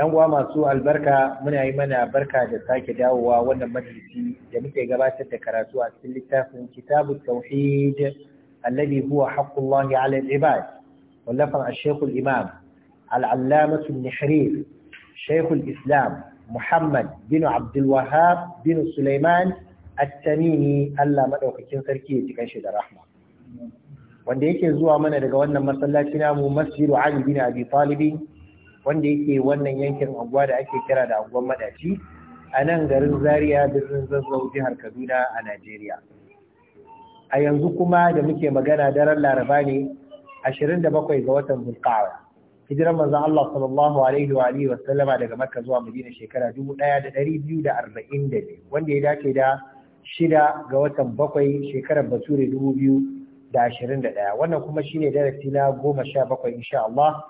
'yan uwa masu albarka muna yi mana barka da sake dawowa wannan majalisi da muke gabatar da karatu a cikin littafin kitabu tauhid alladhi huwa haqqullahi 'ala al-ibad wallafan al-shaykh al-imam al-allamah an-nihrir shaykh al-islam muhammad bin abdul wahhab bin sulaiman at-tamimi Allah madaukakin sarki ya jikan shi da rahma wanda yake zuwa mana daga wannan masallaci namu masjidu ali bin abi talib wanda yake wannan yankin anguwa da ake kira da anguwan madaci a nan garin zaria birnin zazzau jihar kaduna a najeriya a yanzu kuma da muke magana daren laraba ne 27 ga watan zulkawa hijiran manzo Allah sallallahu alaihi wa alihi wa sallama daga makka zuwa madina shekara 1242 wanda ya dace da shida ga watan bakwai shekarar bature 2021 wannan kuma shine darasi na 17 insha Allah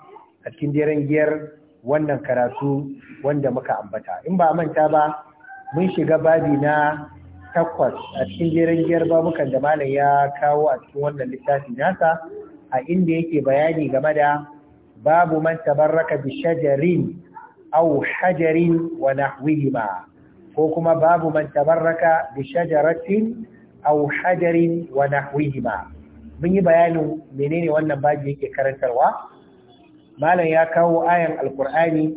a cikin daren giyar wannan karatu wanda muka ambata in ba manta ba mun shiga babi na takwas a cikin daren giyar babukan da malam ya kawo a cikin wannan littafi nasa a inda yake bayani game da babu man tabarraka bi shajarin aw hajarin wa nahwihima ko kuma babu man tabarraka bi shajaratin aw hajarin wa nahwihima mun yi bayanin menene wannan babi yake karantarwa malam ya kawo ayan alkur'ani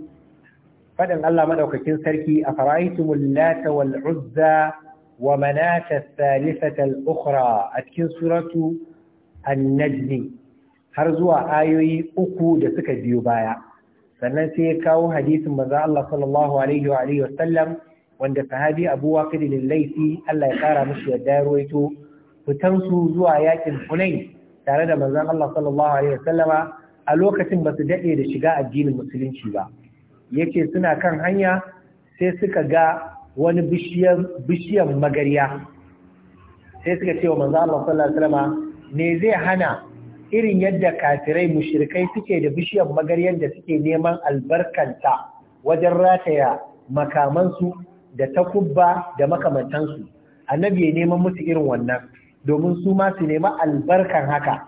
fadin Allah madaukakin sarki a fara'aytumul lata wal uzza wa manata thalithata ukhra a cikin suratu an-najm har zuwa ayoyi uku da suka biyo baya sannan sai ya kawo hadisin manzo Allah sallallahu alaihi wa alihi sallam wanda sahabi Abu Waqid al-Laythi Allah ya kara mishi yadda ruwaito fitan su zuwa yakin Hunain tare da manzon Allah sallallahu alaihi sallam)a. a lokacin ba su daɗe da shiga addinin musulunci ba yake suna kan hanya sai suka ga wani bishiyar magarya sai suka ce wa maza Allah sallallahu alaihi wasallam ne zai hana irin yadda kafirai mushirikai suke da bishiyar magariyar da suke neman albarkanta wajen rataya makamansu da takubba da makamantansu annabi ya neman musu irin wannan domin su ma su nema albarkan haka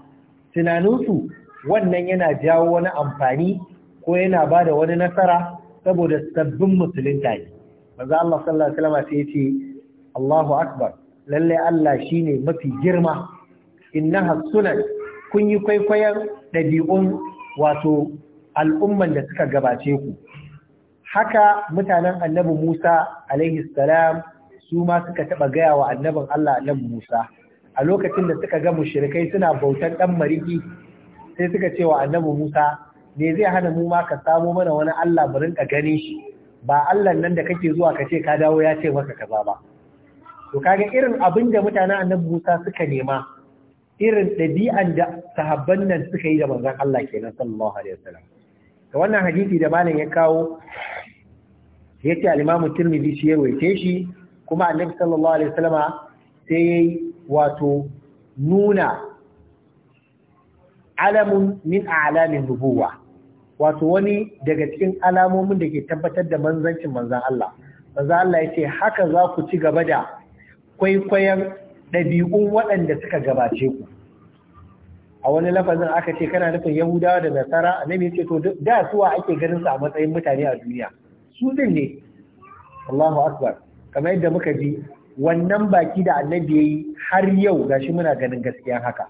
tunaninsu wannan yana jawo wani amfani ko yana ba da wani nasara saboda sabbin musulunta ne Maza Allah sallallahu alaihi wasallam sai ce Allahu akbar lallai Allah shi ne mafi girma Inna sunan kun yi kwaikwayon ɗabi'un wato al'umman da suka gabace ku haka mutanen annabi Musa alaihi salam su ma suka taɓa gaya wa annabin Allah annabi Musa a lokacin da suka ga mushrikai suna bautan ɗan mariki sai suka ce wa annabi Musa ne zai hana mu ma ka samo mana wani Allah mu rinka gani shi ba Allah nan da kake zuwa ka ce ka dawo ya ce maka kaza ba to kaga irin abin da mutanen annabi Musa suka nema irin ɗabi'an da sahabban nan suka yi da manzon Allah kenan sallallahu alaihi wasallam to wannan hadisi da malam ya kawo yace al-Imam Tirmidhi shi ya shi kuma annabi sallallahu alaihi wasallama sai wato nuna alamun min a'lamin nubuwa wato wani daga cikin alamomin da ke tabbatar da manzancin manzan Allah manzan Allah ya ce haka za ku ci gaba da kwaikwayon ɗabi'un waɗanda suka gabace ku a wani lafazin aka ce kana nufin yahudawa da nasara annabi ya ce to da suwa ake ganin su a matsayin mutane a duniya su din ne Allahu akbar kamar yadda muka ji wannan baki da annabi yayi har yau gashi muna ganin gaskiya haka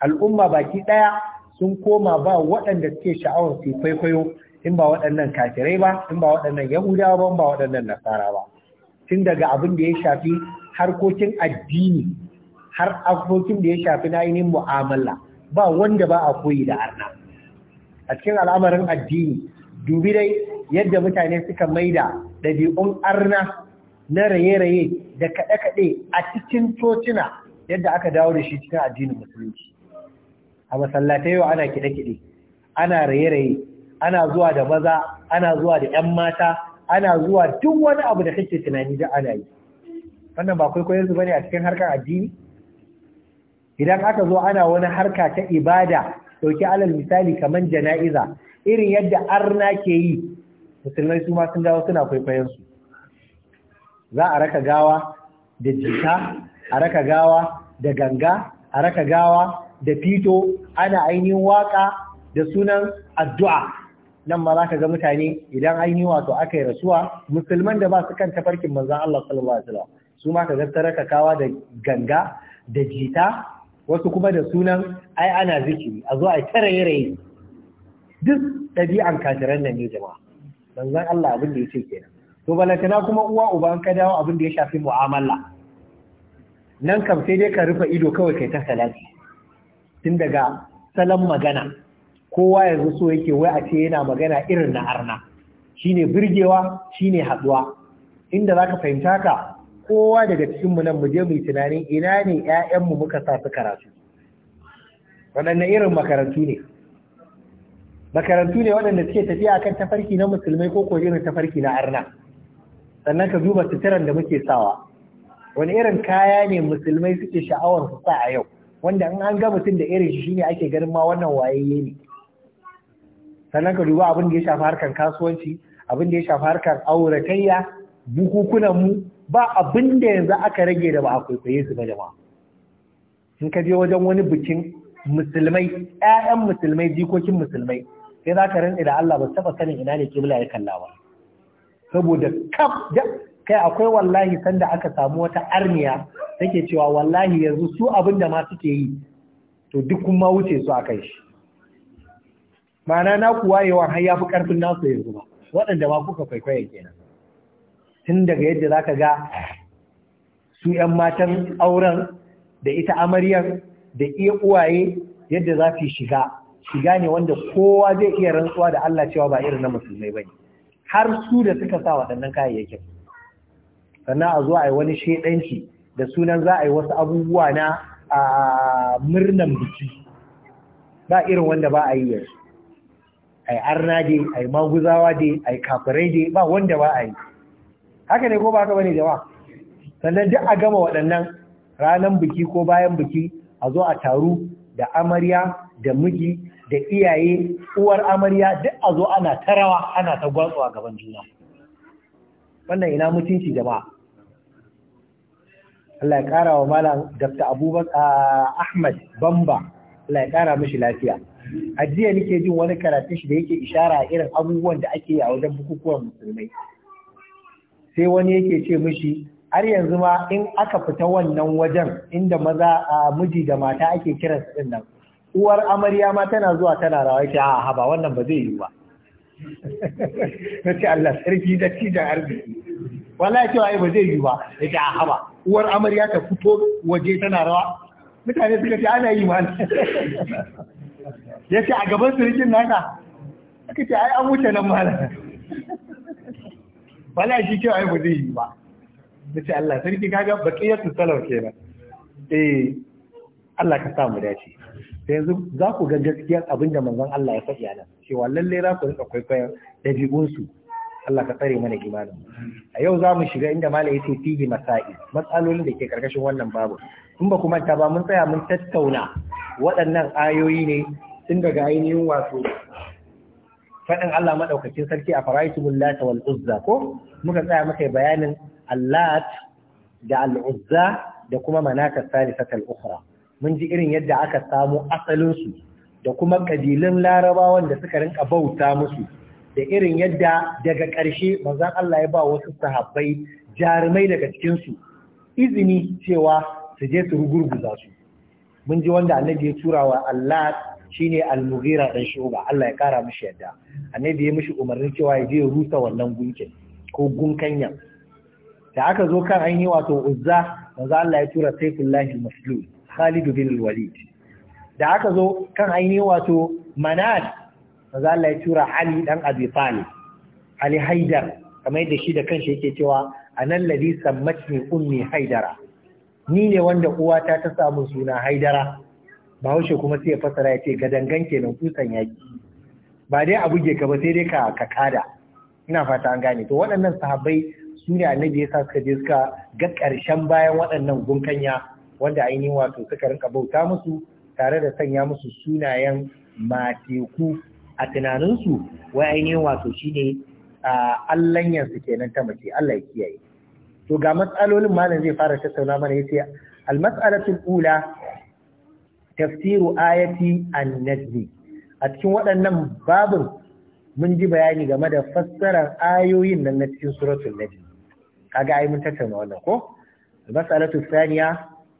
al'umma baki ɗaya sun koma ba waɗanda suke sha'awar su kwaikwayo in ba waɗannan kafirai ba in ba waɗannan yahudawa ba in ba waɗannan nasara ba tun daga abin da ya shafi harkokin addini har harkokin da ya shafi na ainihin mu'amala ba wanda ba a koyi da arna a cikin al'amarin addini dubi dai yadda mutane suka maida ɗabi'un arna na raye-raye da kaɗe-kaɗe a cikin cocina yadda aka dawo da shi cikin addinin musulunci a masallatai yau ana kiɗe-kiɗe ana raye-raye ana zuwa da maza ana zuwa da 'yan mata ana zuwa duk wani abu da kake tunani da ana yi wannan ba kwaikwayon su bane a cikin harkar addini idan aka zo ana wani harka ta ibada dauki alal misali kamar jana'iza irin yadda arna ke yi musulmai su ma sun dawo suna kwaikwayon su za a raka gawa da jita a raka gawa da ganga a raka gawa da fito ana ainihin waka da sunan addu'a nan ma za ka ga mutane idan ainihin wato aka yi rasuwa musulman da ba su kan tafarkin manzan Allah sallallahu alaihi su ma ka ga kawa da ganga da jita wasu kuma da sunan ai ana zikiri a zo a tarayi raye duk ɗabi'an kafiran nan ne jama'a manzan Allah abin da ya ce kenan to balantana kuma uwa uba an ka dawo abin da ya shafi mu'amala nan kam sai dai ka rufe ido kawai kai ta salati tun daga salon magana kowa ya zo so yake wai a ce yana magana irin na arna shine birgewa shine haduwa inda za ka fahimta ka kowa daga cikin mu nan mu je mu yi tunanin ina ne ƴaƴan mu muka sa su karatu waɗanne irin makarantu ne makarantu ne waɗanda suke tafiya kan tafarki na musulmai ko ko irin tafarki na arna sannan ka duba suturan da muke sawa wani irin kaya ne musulmai suke sha'awar su sa a yau wanda in an ga mutum da irin shi ne ake ganin ma wannan wayayye ne sannan ka duba abin da ya shafi harkar kasuwanci abin da ya shafi harkar auratayya bukukunan mu ba abin da yanzu aka rage da ba a kwaikwaye su ba jama'a in ka je wajen wani bikin musulmai ƴaƴan musulmai jikokin musulmai sai za ka rantsa da Allah ba taba sanin ina ne kibla ya kalla ba saboda kaf kai akwai wallahi sanda aka samu wata armiya take cewa wallahi yanzu su abin da ma suke yi to duk kuma wuce su a kai shi Mana na kuwa yawan har yafi fi ƙarfin nasu yanzu ba waɗanda ma kuka kwaikwaya kenan tun daga yadda za ka ga su 'yan matan auren da ita amaryar da iya uwaye yadda za su shiga shiga ne wanda kowa zai iya rantsuwa da Allah cewa ba irin na musulmai ba ne har su da suka sa waɗannan kayayyakin sannan a zo a yi wani shedanci da sunan za a yi wasu abubuwa na a murnan biki ba irin wanda ba a yi yanzu a yi arna de a yi maguzawa dai a yi kafirai de ba wanda ba a yi haka ne ko ba haka bane jama'a sannan duk a gama waɗannan ranar biki ko bayan biki a zo a taru da amarya da miji da iyaye uwar amarya duk a zo ana ta rawa ana ta gwatsu gaban juna wannan ina mutunci jama'a Allah ya ƙara wa malam Dr. Abubakar Ahmad Bamba Allah ya ƙara mishi lafiya a jiya nake jin wani karatun shi da yake ishara irin abubuwan da ake yi a wajen bukukuwan musulmai sai wani yake ce mishi har yanzu ma in aka fita wannan wajen inda maza a miji da mata ake kiran su nan uwar amarya ma tana zuwa tana rawa ce a haba wannan ba zai yi ba na ce Allah sarki da da arziki wallahi cewa ba zai yi ba ya a haba uwar amarya ta fito waje tana rawa mutane suka ce ana yi mana ya ce a gaban surikin nata suka ce ai an wuce nan mana Bala shi ce ai ba zai yi ba da ce Allah sarki kaga baqiyatu ke nan eh Allah ka samu dace ta yanzu za ku ga gaskiyar abin da manzon Allah ya faɗi a nan cewa lalle za ku rika kwaikwayon dabi'un su Allah ka tsare mana imanin a yau za mu shiga inda mala ya ce fihi masa'i matsalolin da ke karkashin wannan babu in ba kuma ta ba mun tsaya mun tattauna waɗannan ayoyi ne tun daga ainihin wato faɗin Allah maɗaukacin sarki a faraitumul lata wal uzza ko muka tsaya muka bayanin allat da al'uzza da kuma manakar salisatal ukhra mun ji irin yadda aka samu asalinsu da kuma ƙabilun larabawan da suka rinka bauta musu da irin yadda daga ƙarshe manzan Allah ya ba wasu sahabbai jarumai daga cikinsu izini cewa su je su rugurguza su mun ji wanda annabi ya tura wa Allah shine al-mughira dan shuba Allah ya kara mishi yadda annabi ya mishi umarnin cewa ya je ya rusa wannan gunkin ko gunkanya da aka zo kan an wato uzza manzan Allah ya tura sayfullahi maslul Khalid bin walid da aka zo kan ainihi wato manat manzo Allah ya tura Ali dan Abi Talib Ali Haidar kamar yadda shi da kanshi yake cewa anan ladhi sammatni ummi Haidara ni ne wanda uwata ta samu suna Haidara Bahaushe kuma sai ya fasara ya ce gadangan kenan kusan yaki ba dai a buge ka ba sai dai ka ka kada ina fata an gane to waɗannan sahabbai su ne annabi sa suka je suka ga ƙarshen bayan waɗannan gunkanya wanda ainihin wato suka rinka bauta musu tare da sanya musu sunayen mateku a tunaninsu wai ainihin wato shine allanyansu kenan ta mace Allah ya kiyaye to ga matsalolin malam zai fara tattauna mana yace al-mas'alatul ula tafsiru ayati an-najm a cikin waɗannan babin mun ji bayani game da fassarar ayoyin nan na cikin suratul najm kaga ai mun tattauna wannan ko al-mas'alatu thaniya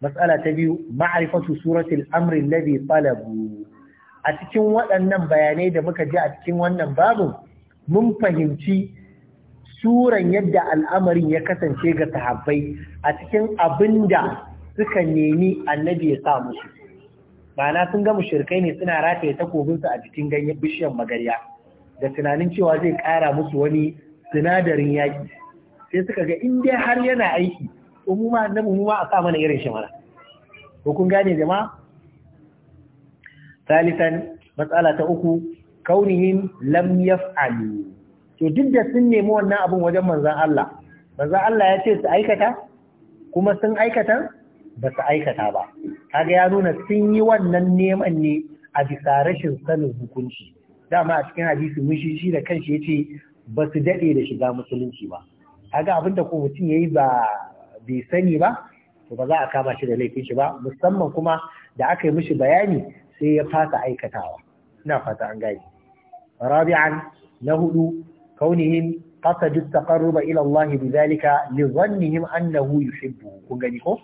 mas'ala ta biyu ma'rifatu suratul amri alladhi talabu a cikin waɗannan bayanai da muka ji a cikin wannan babu mun fahimci suran yadda al'amarin ya kasance ga sahabbai a cikin abin da suka nemi annabi ya sa musu ma'ana sun ga mushirkai ne suna rataye takobinsu a jikin ganyen bishiyar magarya da tunanin cewa zai ƙara musu wani sinadarin yaƙi sai suka ga in har yana aiki umuma na a sa mana irin shi mana ko kun gane jama'a ثالثا مسألة أخو كونهم لم يفعلوا to duk da sun nemi wannan abin wajen manzan Allah manzan Allah ya ce su aikata kuma sun aikata ba su aikata ba kaga ya nuna sun yi wannan neman ne a bisa rashin sanin hukunci dama a cikin hadisi mun shi da kanshi yace ba su dade da shiga musulunci ba kaga abin da ko mutum yayi ba bai sani ba to ba za a kama shi da laifin shi ba musamman kuma da aka yi mishi bayani sai ya fasa aikatawa ina fata an gani rabi'an na hudu kaunihim qasadu taqarruba ila Allah bidhalika li dhannihim annahu yuhibbu kun gani ko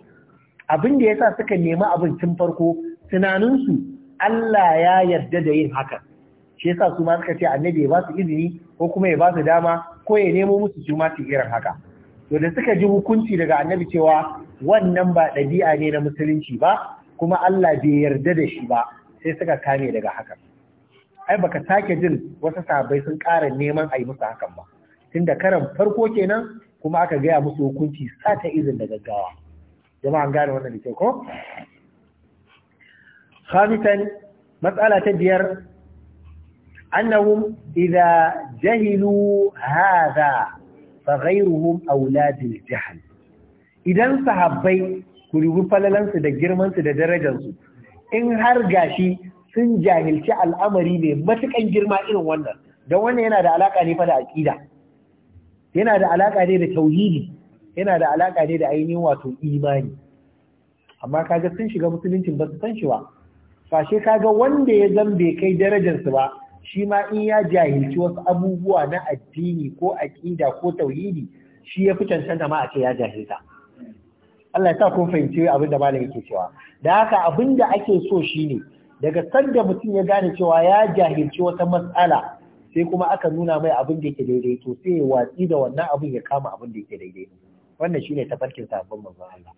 abin da yasa suka nemi abin tun farko tunaninsu Allah ya yarda da yin haka shi yasa su suka ce annabi ya ba su izini ko kuma ya ba su dama ko ya nemo musu su ma su irin haka to da suka ji hukunci daga annabi cewa wannan ba ɗabi'a ne na musulunci ba kuma Allah bai yarda da shi ba sai suka kame daga hakan ai baka sake jin wasu sabai sun ƙara neman a yi musu hakan ba tunda karan farko kenan kuma aka gaya musu hukunci sa ta izin da gaggawa an gane wannan da ke ko khamisan matsala ta biyar annahum idza jahilu hadha fa ghayruhum auladul jahl idan sahabbai ku rubu falalansu da girmansu da darajar su in har gashi sun jahilci al'amari mai matukan girma irin wannan don wannan yana da alaka ne fa da aqida yana da alaka ne da tauhidi yana da alaka ne da ainihin wato imani amma kaga sun shiga musuluncin ba su san shi ba fashe kaga wanda ya zambe kai su ba shi ma in ya jahilci wasu abubuwa na addini ko aƙida ko tauhidi shi ya fi cancanta ma a ce ya jahilta Allah ya sa kun fahimci abin da malam yake cewa da haka abin da ake so shine daga sanda mutum ya gane cewa ya jahilci wata matsala sai kuma aka nuna mai abin da yake daidai to sai ya watsi da wannan abin ya kama abin da yake daidai wannan shine tafarkin sabon manzon Allah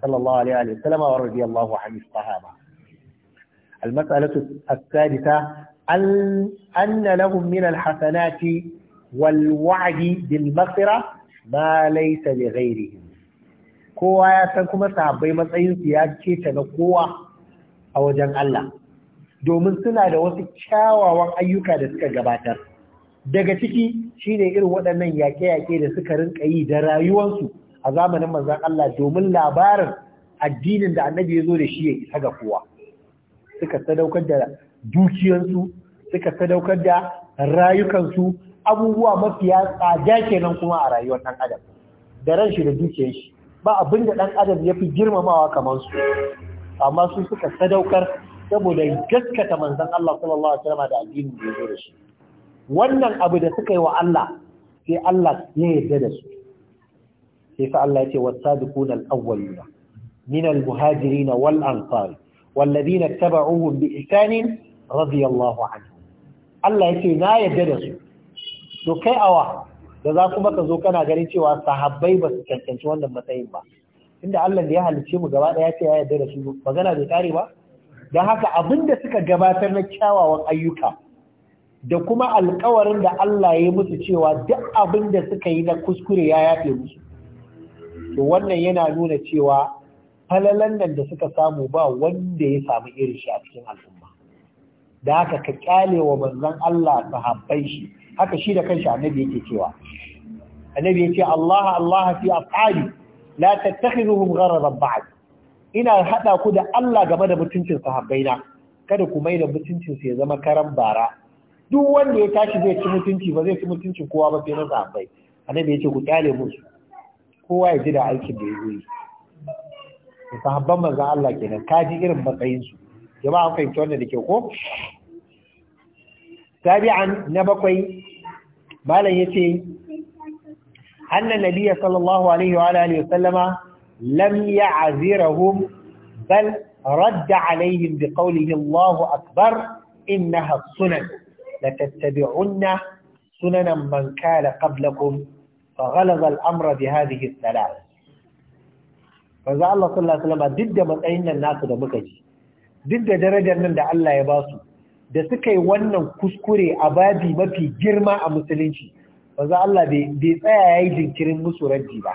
sallallahu alaihi wa sallam wa radiyallahu anhu sahaba المسألة al أن wal من الحسنات والوعد بالمغفرة ما ليس لغيرهم kowa ya san kuma sahabbai matsayinsu ya keta na kowa a wajen Allah domin suna da wasu kyawawan ayyuka da suka gabatar daga ciki shine irin waɗannan yaƙe-yaƙe da suka rinka yi da rayuwarsu a zamanin manzon Allah domin labarin addinin da annabi ya zo da shi ya isa ga kowa suka sadaukar da dukiyansu suka sadaukar da rayukansu abubuwa mafiya tsada kenan kuma a rayuwar ɗan adam da ran shi da dukiyar shi ba abin da ɗan adam ya fi girmamawa kamar su amma su suka sadaukar saboda gaskata manzon Allah sallallahu alaihi wasallam da addinin da ya da shi wannan abu da suka yi wa Allah sai Allah ya yarda da su sai fa Allah ya ce al-awwaluna min al-muhajirin wal ansar والذين اتبعوهم بإحسان رضي الله عنهم Allah ya ce na yadda da su to kai awa da za kuma ka zo kana ganin cewa sahabbai ba su cancanci wannan matsayin ba inda Allah da ya halicce mu gaba daya ce ya yarda da su magana bai kare ba don haka abinda suka gabatar na kyawawan ayyuka da kuma alkawarin da Allah ya yi musu cewa duk abin da suka yi na kuskure ya yafe musu to wannan yana nuna cewa falalan nan da suka samu ba wanda ya samu irin shi a cikin al'umma da haka ka kyale wa manzon Allah sahabbai shi haka shi da kanshi annabi yake cewa annabi yace Allah Allah fi afali la tattakhiduhum gharaban ba'd ina hada ku da Allah game da mutuncin sahabbaina kada ku mai da mutuncin su ya zama karan bara duk wanda ya tashi zai ci mutunci ba zai ci mutuncin kowa ba sai na sahabbai annabi yace ku kyale musu kowa ya ji da aikin da ya yi sahabban manzon Allah kenan kaji irin matsayin su jama'a an fahimci wannan da ke ko tabi'an na bakwai malam ya ce, anna nabiyya sallallahu alaihi wa alihi wa sallama lam ya'zirahum bal radda alaihim bi qawlihi Allahu akbar innaha sunan latattabi'unna sunanan man kana qablakum فغلظ الأمر بهذه الثلاث فإذا الله صلى الله عليه وسلم ضد مطعين duk da matsayin nan da muka ji duk da darajar nan da Allah ya basu da suka yi wannan kuskure a babi mafi girma a musulunci wanzu Allah bai tsaya ya yi jinkirin musu raddi ba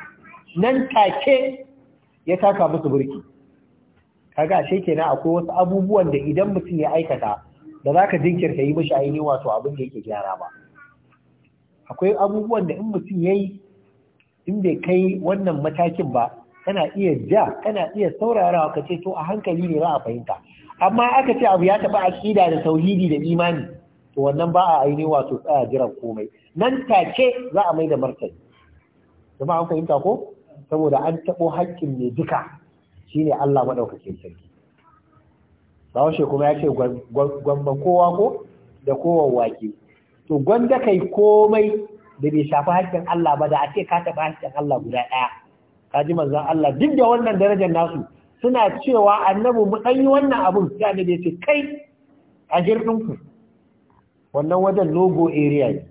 nan take ya taka musu burki kaga ashe kenan akwai wasu abubuwan da idan mutum ya aikata da za ka jinkirta yi mashi aini wato abin da yake gyara ba akwai abubuwan da in mutum ya yi in bai kai wannan matakin ba kana iya ja kana iya saurarawa ka ce to a hankali ne za a fahimta amma aka ce abu ya taɓa aƙida da tauhidi da imani to wannan ba a aini wato tsaya jiran komai nan take za a mai da martani kuma an fahimta ko saboda an taɓo haƙƙin ne duka shine Allah maɗaukakin sarki Bahaushe kuma ya ce gwamba kowa ko da kowa wake to gwanda kai komai da bai shafi haƙƙin Allah ba da a ce ka taɓa haƙƙin Allah guda ɗaya ka ji manzon Allah duk da wannan darajar nasu suna cewa annabu mu ɗan yi wannan abun sai da ce kai a ku wannan wajen logo area ne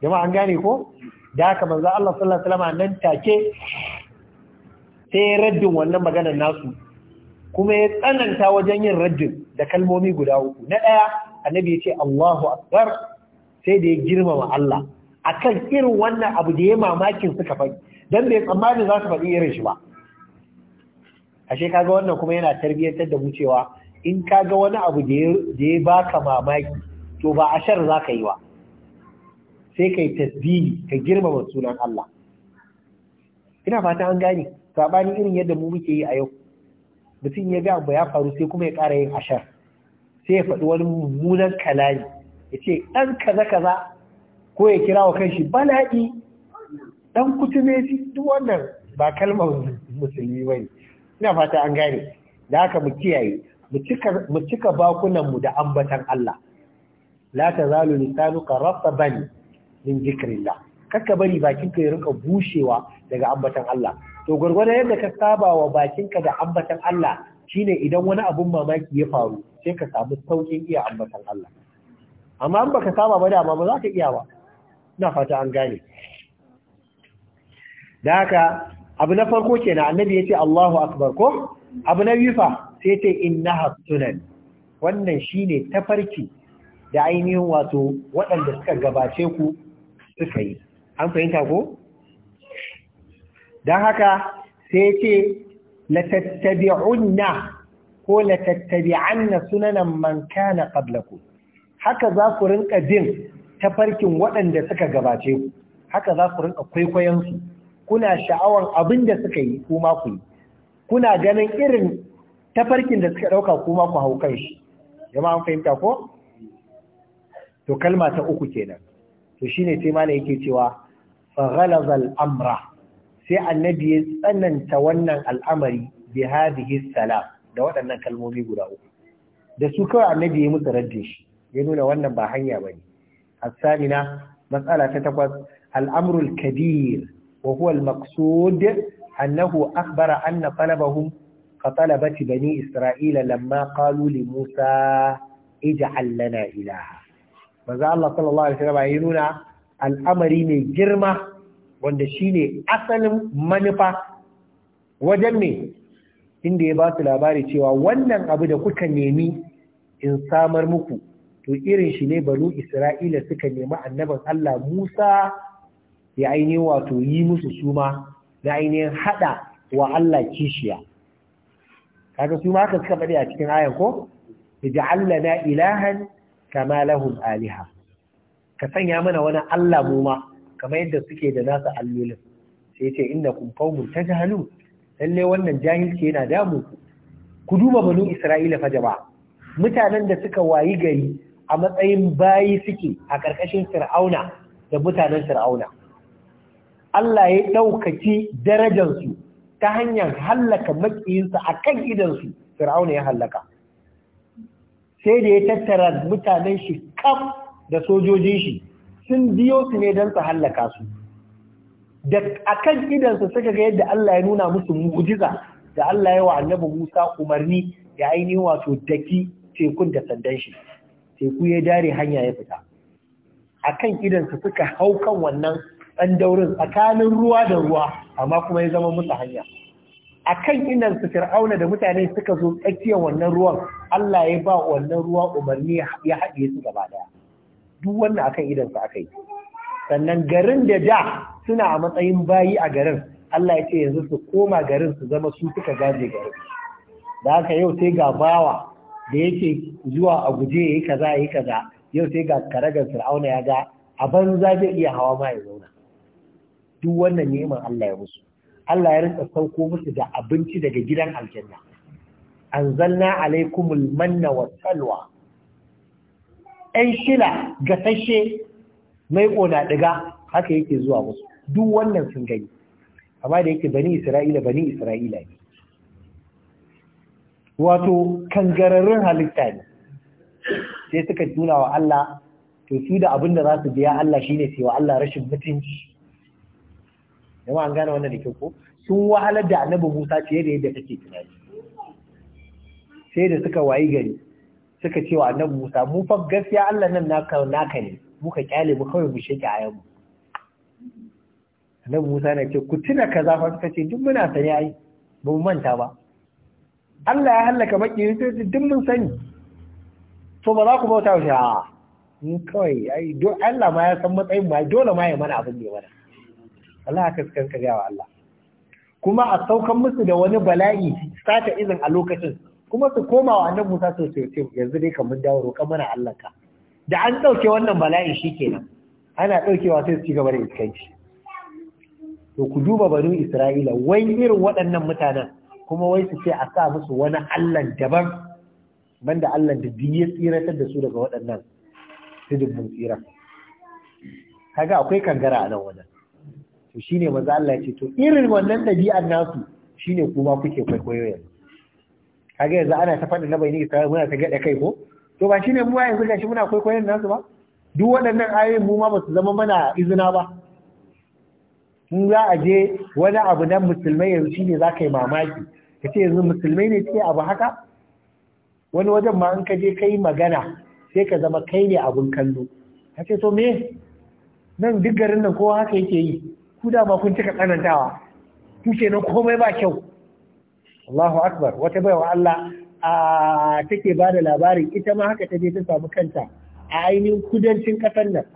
jama'a an gane ko da haka manzo Allah sallallahu alaihi wasallam nan take sai raddin wannan maganar nasu kuma ya tsananta wajen yin raddin da kalmomi guda uku na daya annabi ya ce Allahu akbar sai da ya girmama Allah akan irin wannan abu da ya mamakin suka faɗi dan bai tsammani za su faɗi irin shi ba ashe ka ga wannan kuma yana tarbiyyantar da mu cewa in ga wani abu da ya baka mamaki to ba ashar za ka yi wa sai ka yi tasbihi ka girmama sunan Allah ina fata an gane sabani irin yadda mu muke yi a yau mutum ya ga abu ya faru sai kuma ya ƙara yin ashar sai ya faɗi wani mummunan kalami ya ce ɗan kaza kaza ko ya kira wa kanshi bala'i ɗan kutume duk wannan ba kalmar musulmi ba ne ina fata an gane da haka mu kiyaye mu cika bakunan mu da ambatan Allah la ta zalu lisanuka rasaban min zikrillah kakka bari bakinka ya rinka bushewa daga ambatan Allah to gurgurda yadda ka saba wa bakinka da ambatan Allah shine idan wani abun mamaki ya faru sai ka samu saukin iya ambatan Allah amma an baka saba ba dama ba za ka iya ba ina fata an gane da haka abu na farko ke na annabi ya ce Allahu akbar ko abu na yufa sai ce inna hasunan wannan shi shine tafarki da ainihin wato waɗanda suka gabace ku suka yi an fahimta ko Don haka sai yace latattabi'unna ko latattabi'anna sunanan man kana qablakum haka za ku rinka bin tafarkin waɗanda suka gabace ku haka za ku rinka kwaikwayon su kuna sha'awan abin da suka yi kuma ku yi kuna ganin irin tafarkin da suka ɗauka kuma ku hau kan shi an fahimta ko to kalma ta uku kenan to shine sai mana yake cewa faghalaza amra sai annabi ya tsananta wannan al'amari bi hadhihi salam da waɗannan kalmomi guda uku da su kawai annabi ya musu radde shi ya nuna wannan ba hanya bane hasanina matsala ta takwas al'amrul kabir wa huwa annahu akhbara anna talabahum ka talabati bani isra'ila lamma qalu li musa ij'al lana ilaha manzo Allah sallallahu alaihi wasallam ya nuna al'amari mai girma wanda shine asalin manufa wajen me inda ya basu su labari cewa wannan abu da kuka nemi in samar muku to irin shi ne banu Isra'ila suka nemi annabin Allah Musa ya ainihin wato yi musu suma na ainihin haɗa wa Allah kishiya kaga suma ma suka faɗi a cikin ayan ko ij'alna na ilahan kama lahum aliha ka sanya mana wani Allah mu ma yadda suke da nasa allolin sai ce innakum qaumun tajhalun lalle wannan jahilci yana damu ku duba banu Isra'ila fa jama'a mutanen da suka wayi gari a matsayin bayi suke a ƙarƙashin Fir'auna da mutanen Fir'auna Allah ya ɗaukaki darajarsu ta hanyar hallaka maƙiyinsa a kan idansu fir'auna ya hallaka sai da ya tattara mutanen shi kaf da sojojin shi sun biyo su ne don su hallaka su da a kan idansu suka ga yadda Allah ya nuna musu mu'jiza da Allah ya wa annabi Musa umarni ya ainihin wato daki tekun da sandan shi teku ya dare hanya ya fita A kan idansu suka hau kan wannan ɗan daurin tsakanin ruwa da ruwa amma kuma ya zama musu hanya a kan inan su fir'auna da mutane suka zo tsakiyar wannan ruwan Allah ya ba wannan ruwa umarni ya haɗe su gaba ɗaya duk wannan akan idan su aka yi sannan garin da da suna a matsayin bayi a garin Allah ya ce yanzu su koma garin su zama su suka gaje garin da haka yau sai ga bawa da yake zuwa a guje ya yi kaza ya yi kaza yau sai ga karagar fir'auna ya ga a banza zai iya hawa ma ya zauna duk wannan neman Allah ya musu Allah ya rinka sauko musu da abinci daga gidan aljanna anzalna alaikumul manna wa salwa ɗan shila gasashe mai ƙona ɗiga haka yake zuwa musu duk wannan sun gani amma da yake bani isra'ila bani isra'ila ne wato kangararrun halitta ne sai suka tuna wa Allah to su da abin da za su biya Allah shine sai wa Allah rashin mutunci yawa an gane wannan da kyau ko sun wahalar da annabi Musa fiye da yadda kake tunani sai da suka wayi gari suka ce wa annabi Musa mu fa gaskiya Allah nan naka naka ne muka kyale mu kawai mu sheke ayan mu annabi Musa na ce ku tuna kaza fa suka ce duk muna sani ai ba mu manta ba Allah ya halaka makiyin sai duk mun sani to ba za ku bauta wa shi a ni kawai ai duk Allah ma ya san matsayin ma dole ma ya mana abin da ya mana Allah haka suka suka gaya wa Allah kuma a saukan musu da wani bala'i sata izin a lokacin kuma su koma wa annabi Musa su ce yanzu dai kamar dawo roƙa mana Allah ka da an ɗauke wannan bala'i kenan, ana ɗaukewa sai su ci gaba da iskanci to ku duba banu Isra'ila wai irin waɗannan mutanen kuma wai su ce a sa musu wani Allah daban banda Allah da ya tsiratar da su daga waɗannan tudun mun tsira kaga akwai kangara a nan wajen to shine maza Allah ce to irin wannan ɗabi'ar nasu shine kuma kuke kwaikwayo yanzu kaga yanzu ana ta faɗin na bai ne sai muna ta gada kai ko to ba shine mu yanzu gashi muna kwaikwayon nasu ba duk waɗannan ayoyin mu ma ba su zama mana izina ba in za a je wani abu na musulmai yanzu shine za ka yi mamaki ka ce yanzu musulmai ne suke abu haka wani wajen ma in ka je kai magana sai ka zama kai ne abun kallo ka ce to me nan duk garin nan kowa haka yake yi ku da ba kun cika tsanantawa ku kenan komai ba kyau Allahu akbar wata baiwa Allah a take ba da labarin ita ma haka ta je ta samu kanta a ainihin kudancin kasar nan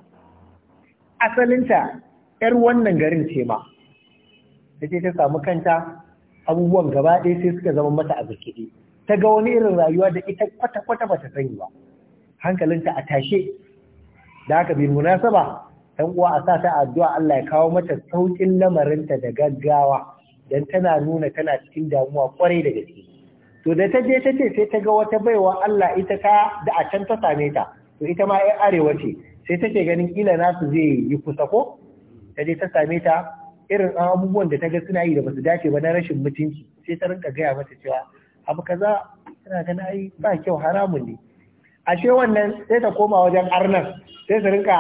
asalinta ‘yar wannan garin ce ma ta ce ta samu kanta abubuwan gaba ɗaya sai suka zama mata a birkiɗe ta ga wani irin rayuwa da ita kwata-kwata ba ta sani ba hankalinta a tashe da haka bi munasaba ɗan uwa a sa ta addu'a Allah ya kawo mata sauƙin lamarinta da gaggawa dan tana nuna tana cikin damuwa kwarai da gaske to da ta je ta ce sai ta ga wata baiwa Allah ita ta da a can ta same ta to ita ma ai arewa ce sai ta ce ganin kila nasu zai yi kusa ko ta je ta same ta irin abubuwan da ta ga suna yi da basu dace ba na rashin mutunci sai ta rinka gaya mata cewa abu kaza tana gana ai ba kyau haramun ne ashe wannan sai ta koma wajen arnan sai ta rinka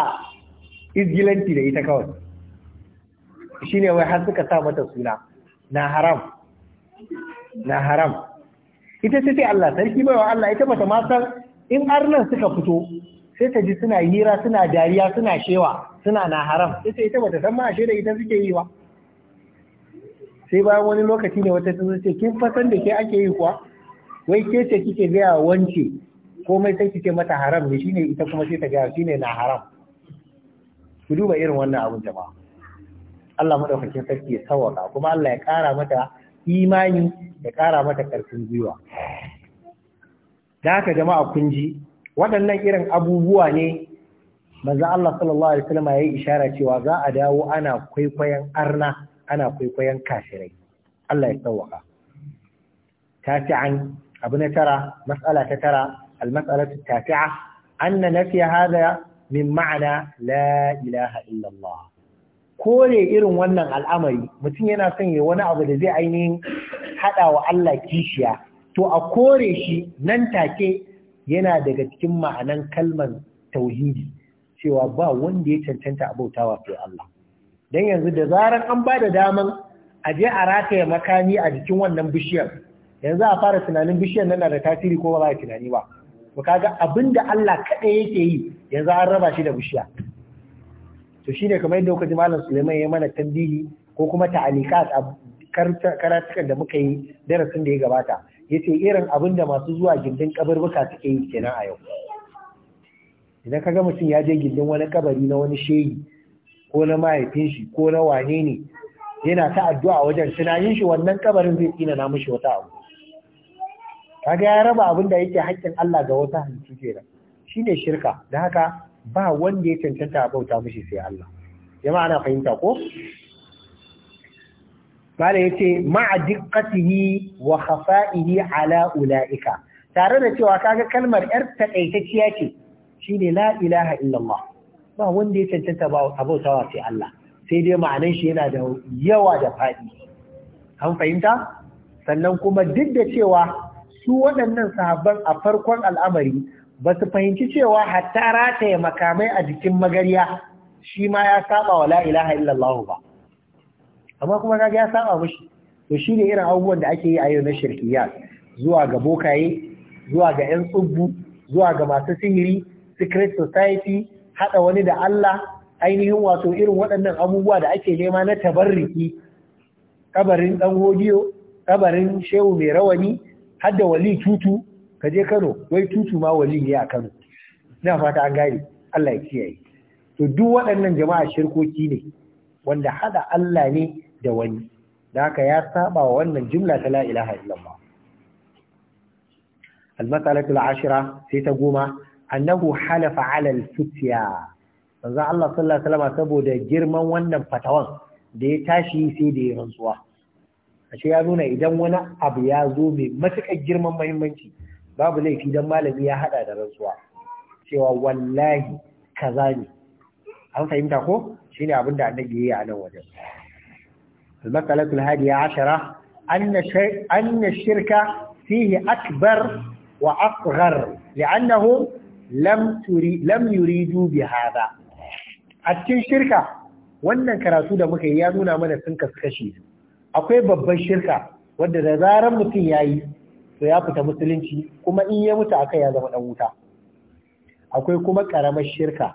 Izgilanti da ita kawai shine wai har suka sa mata suna na haram na haram ita ce Allah sarki baiwa Allah ita mata ma san in arnan suka fito sai ta ji suna hira suna dariya suna shewa suna na haram ita ita mata san ma ashe da ita suke yi ba sai bayan wani lokaci ne wata tun ce kin fasan da ke ake yi kuwa wai ke ce kike gaya wance komai sai kike mata haram ne shine ita kuma sai ta gaya shine na haram ku duba irin wannan abun jama'a Allah madaukakin sarki ya sauka kuma Allah ya kara mata imani ya ƙara mata karfin gwiwa da haka jama'a kun ji waɗannan irin abubuwa ne manzo Allah sallallahu alaihi wasallam yayi ishara cewa za a dawo ana kwaikwayon arna ana kwaikwayon kafirai Allah ya tsawaka tati'an abu na tara mas'ala ta tara al-mas'alatu tati'a anna nafi hadha min ma'ana la ilaha illallah kore irin wannan al'amari mutum yana son ya wani abu da zai ainihin haɗa wa Allah kishiya to a kore shi nan take yana daga cikin ma'anan kalmar tauhidi cewa ba wanda ya cancanta abautawa sai Allah dan yanzu da zaran an ba da daman a je a rataya makami a jikin wannan bishiyar yanzu a fara tunanin bishiyar nan na da tasiri ko ba za tunani ba ku kaga abinda Allah kaɗai yake yi yanzu an raba shi da bishiya to ne kamar yadda kuka ji malam Suleiman ya mana tambihi ko kuma ta'alikat a karatukan da muka yi darasin da ya gabata Ya ce irin abinda masu zuwa gindin kaburbuka suke yi kenan a yau idan ka ga mutum ya je gindin wani kabari na wani shehi ko na mahaifin shi ko na wane ne yana ta addu'a wajen tunanin shi wannan kabarin zai tsina na mishi wata abu kaga ya raba abin da yake haƙƙin Allah ga wata da. kenan shine shirka da haka ba wanda ya cancanta a bauta mishi sai Allah jama'a ma'ana fahimta ko ya yace ma'a diqqatihi wa khafa'ihi ala ulaika tare da cewa kaga kalmar yar taƙaitacciya ce shine la ilaha illallah ba wanda ya cancanta ba a wa sai Allah sai dai ma'anan shi yana da yawa da faɗi an fahimta sannan kuma duk da cewa su waɗannan sahabban a farkon al'amari ba su fahimci cewa hatta rataye makamai a jikin magarya shi ma ya saba wa la ilaha illallah ba amma kuma kaga ya saba mushi to ne irin abubuwan da ake yi a yau na shirkiya zuwa ga bokaye zuwa ga yan tsubbu zuwa ga masu sihiri secret society haɗa wani da Allah ainihin wato irin waɗannan abubuwa da ake nema na tabarriki kabarin ɗan hodiyo kabarin shehu mai rawani hadda wali tutu ka je Kano wai tutu ma wali ne a Kano ina fata an gane Allah ya kiyaye to duk waɗannan jama'a shirkoki ne wanda hada Allah ne da wani da haka ya saba wa wannan jumla ta la ilaha illallah al-mas'alatu ashira sai ta goma annahu halafa ala al-fitya Allah sallallahu alaihi saboda girman wannan fatawan da ya tashi sai da ya rantsuwa ashe ya nuna idan wani abu ya zo mai matuƙar girman mahimmanci babu laifi dan malami ya haɗa da rantsuwa cewa wallahi kaza ne an fahimta ko shine abin da annabi yayi a nan wajen المسألة الهادية عشرة أن, أن الشرك فيه wa وأصغر لأنهم لم, تري لم يريدوا بهذا أتين shirka, wannan karatu da muka yi ya nuna mana sun kaskashi akwai babban shirka wanda da zarar mutum ya yi to ya fita musulunci kuma in ya mutu akai ya zama ɗan wuta akwai kuma ƙaramar shirka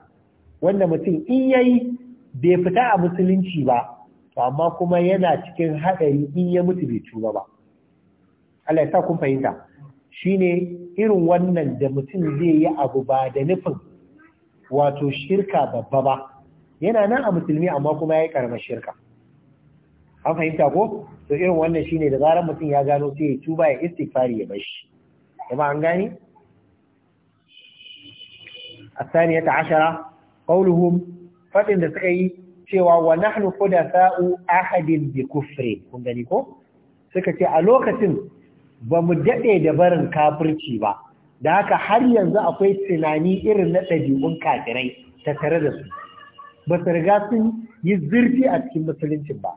wanda mutum in ya yi bai fita a musulunci ba to amma kuma yana cikin haɗari in ya mutu bai tuba ba Allah ya sa kun fahimta shine irin wannan da mutum zai yi abu ba da nufin wato shirka babba ba yana nan a musulmi amma kuma ya yi shirka an fahimta ko to irin wannan shine da zarar mutum ya gano sai ya tuba ya istighfari ya bashi kuma an gani الثانية عشرة قولهم فتن da suka yi cewa wa nahnu qudasa'u ahadin bi kufri kun gani ko suka ce a lokacin ba mu dade da barin kafirci ba da haka har yanzu akwai tunani irin na ɗabi'un kafirai ta tare da su ba su riga sun yi zurfi a cikin musuluncin ba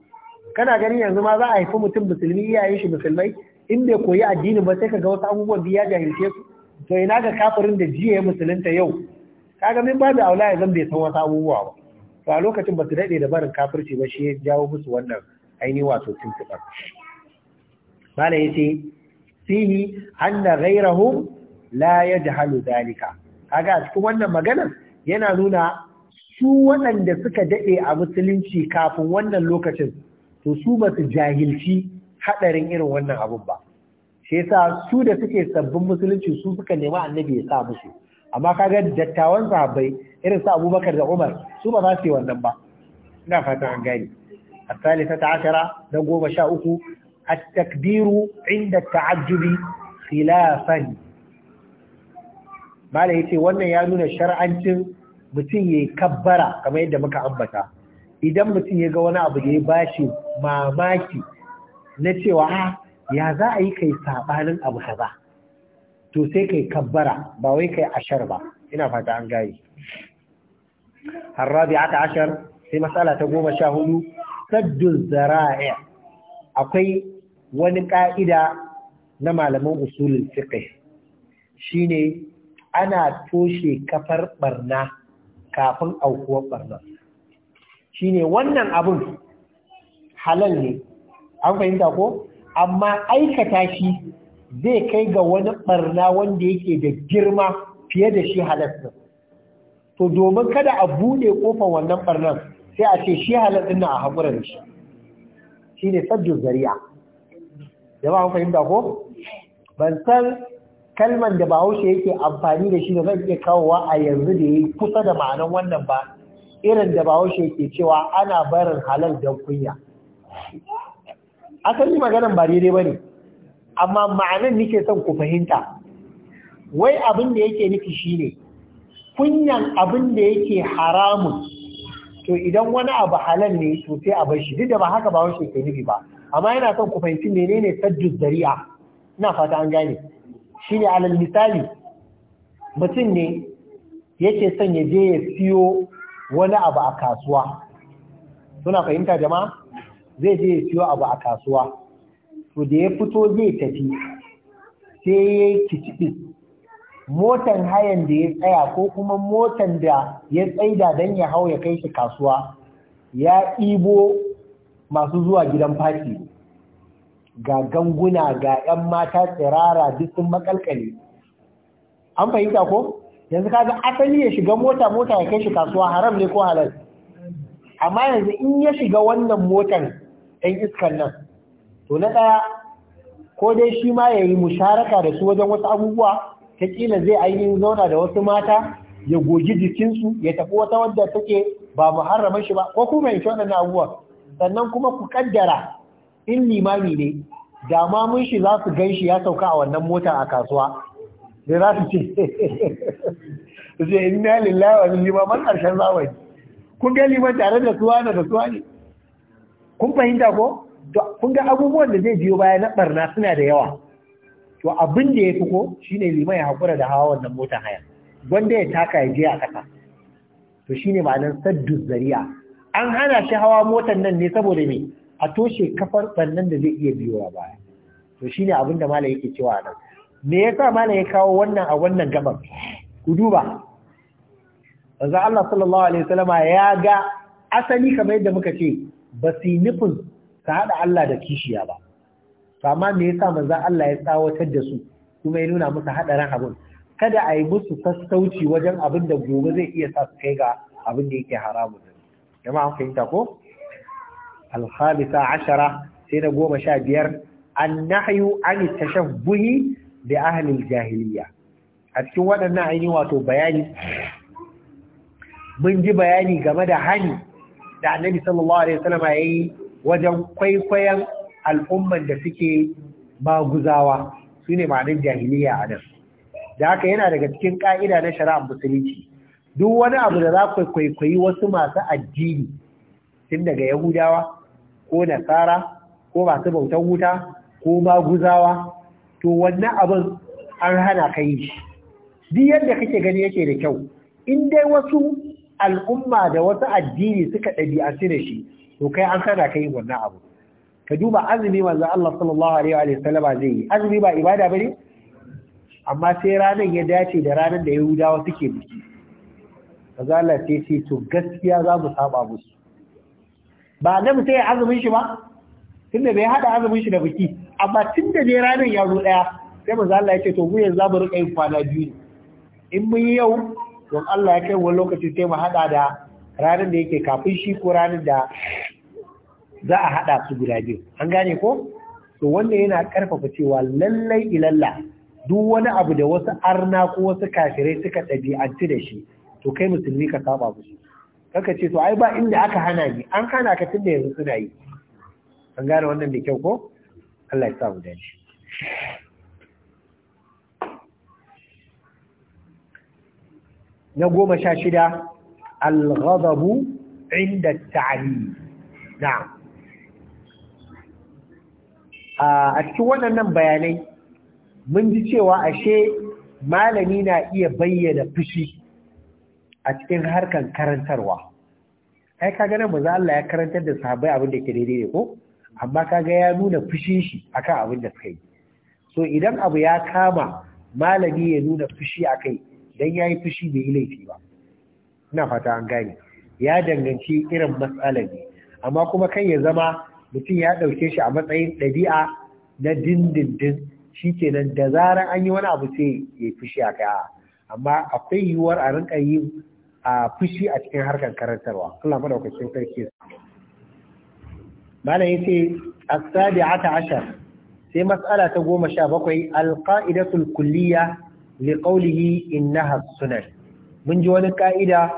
kana ganin yanzu ma za a haifi mutum musulmi iyayen shi musulmai in bai koyi addini ba sai ka ga wasu abubuwan biya jahilce su to ina ga kafirin da jiya ya musulunta yau kaga min babu aula ya zan bai san wasu abubuwa ba to a lokacin ba su daɗe da barin kafirci ba shi ya jawo musu wannan aini wato tuntuɓar malam ya ce fihi anna ghairahum la yajhalu dalika kaga a cikin wannan maganar yana nuna su waɗanda suka daɗe a musulunci kafin wannan lokacin to su ba su jahilci haɗarin irin wannan abin ba shi yasa su da suke sabbin musulunci su suka nema annabi ya sa musu amma kaga dattawan sahabbai irin su abubakar da umar su ba za su yi wannan ba ina fatan an gani asali ta ta'ashara na goma sha uku a takbiru inda ta'ajjubi malam ya ce wannan ya nuna shar'ancin mutum yayi kabbara kamar yadda muka ambata idan mutum ya ga wani abu da ya bashi mamaki na cewa ha ah, ya za a yi kai sabanin abu kaza to sai kai kabbara ba wai kai ashar ba ina fata an gayi har aka ashar sai matsala ta goma sha hudu saddun zara'i akwai wani ka'ida na malaman usulin fiqh shine ana toshe kafar barna kafin aukuwar barnar Shi ne wannan abun halal ne an fahimta ko amma aikata shi zai kai ga wani barna wanda yake da girma fiye da shi halasta. to domin kada a bude kofar wannan barnan sai a ce shi halal na a haƙura da shi ne sabbin zari'a Yaba an fahimta ko ban san kalman da bahaushe yake amfani da shi da zan iya kawowa a yanzu da ya yi kusa da ma'anan wannan ba irin da ba bahaushe ke cewa ana barin halal don kunya asali maganan ba daidai ba ne amma ma'anin nike son ku fahimta wai abin da yake nufi ne kunyan abin da yake haramun to idan wani abu halal ne to sai a bar shi duk da ba haka ba wace ke nufi ba amma yana son ku fahimci menene saddus zari'a ina fata an gane shine alal misali mutum ne yake son ya je ya siyo wani abu a kasuwa suna fahimta jama'a zai je ya siyo abu a kasuwa to da ya fito zai tafi sai ya kicibi motan hayan da ya tsaya ko kuma motan da ya tsaida don ya hau ya kai shi kasuwa ya ibo masu zuwa gidan fati ga ganguna ga 'yan mata tsirara duk sun makalkale an fahimta ko yanzu kaga asali ya shiga mota mota ya kai shi kasuwa haram ne ko halal amma yanzu in ya shiga wannan motar ɗan iskan nan to na ɗaya ko dai shi ma ya yi musharaka da su wajen wasu abubuwa ta ƙila zai ainihin zauna da wasu mata ya gogi jikinsu ya tafi wata wadda take ba muharraman shi ba ko kuma ya ci waɗannan abubuwa sannan kuma ku kaddara in limami ne dama ma mun shi za su gan shi ya sauka a wannan mota a kasuwa da za su ce sai inna lillahi wa inna man karshen zamani kun ga liman tare da suwa da suwa ne kun fahimta ko to kun ga abubuwan da zai biyo baya na barna suna da yawa to abin da ya fi ko shine liman ya hakura da hawa wannan motar haya gwanda ya taka ya je a kasa to shine ma'anar saddu zari'a an hana shi hawa motar nan ne saboda me a toshe kafar bannan da zai iya biyowa baya to shine abin da malai yake cewa nan me ya sa mana ya kawo wannan a wannan gabar? ku duba manzo Allah sallallahu alaihi wasallama ya ga asali kamar yadda muka ce ba su nufin ka haɗa Allah da kishiya ba amma me yasa manzo Allah ya tsawatar da su kuma ya nuna musu haɗarin abin kada a yi musu sassauci wajen abin da gobe zai iya sa su kai ga abin da yake haramun jama an fahimta ko alhamisa ashara sai na goma sha biyar an nahayu an buhi. da ahalin jahiliya a cikin waɗannan yi wato bayani mun ji bayani game da hani da annabi sallallahu alaihi wasallam wajen kwaikwayon al'umman da suke maguzawa su ne ma'anin jahiliya a nan da haka yana daga cikin ƙa'ida na shari'ar musulunci duk wani abu da za ku kwaikwayi wasu masu addini tun daga yahudawa ko nasara ko masu bautan wuta ko maguzawa to wannan abin an hana ka yi shi duk yadda kake gani yake da kyau in dai wasu al'umma da wasu addini suka ɗabi'antu da shi to kai an hana ka yi wannan abu ka duba azumi manzo Allah sallallahu alaihi wa sallama zai yi azumi ba ibada bane amma sai ranar ya dace da ranar da Yahudawa suke biki kaza Allah sai sai to gaskiya za mu saba musu ba mu sai azumin shi ba tunda bai hada azumin shi da biki amma tun da ne ranar ya zo ɗaya sai manzo Allah ya ce to mu yanzu za mu rika yin kwana biyu in mun yi yau don Allah ya kai wani lokaci sai mu haɗa da ranar da yake kafin shi ko ranar da za a haɗa su guda biyu an gane ko to wannan yana ƙarfafa cewa lallai ilalla duk wani abu da wasu arna ko wasu kafirai suka ɗabi'antu da shi to kai musulmi ka saba musu kaka ce to ai ba inda aka hana ni an hana ka da yanzu suna yi an gane wannan da kyau ko Allah ya sa mu dace na goma sha shida al ghazabu inda ta’ali. na. a cikin waɗannan bayanai mun ji cewa ashe malami na iya bayyana fushi a cikin harkar karantarwa ai ka ganin ba za Allah ya karantar da sahabbai abin da ke daidai ko amma kaga ya nuna fushin shi akan abin da suka yi so idan abu ya kama malami ya nuna fushi akai dan yayi fushi bai laifi ba ina fata an gane ya danganci irin matsalar ne amma kuma kan ya zama mutum ya ɗauke shi a matsayin ɗabi'a na dindindin shi kenan da zarar an yi wani abu sai ya fushi a kai amma akwai yiwuwar a rinka yi a fushi a cikin harkar karantarwa Allah madaukakin sarki malam yace as-sabi'ata ashar sai matsala ta goma sha bakwai al-qa'idatul kulliya li qawlihi innaha sunan mun ji wani ƙa'ida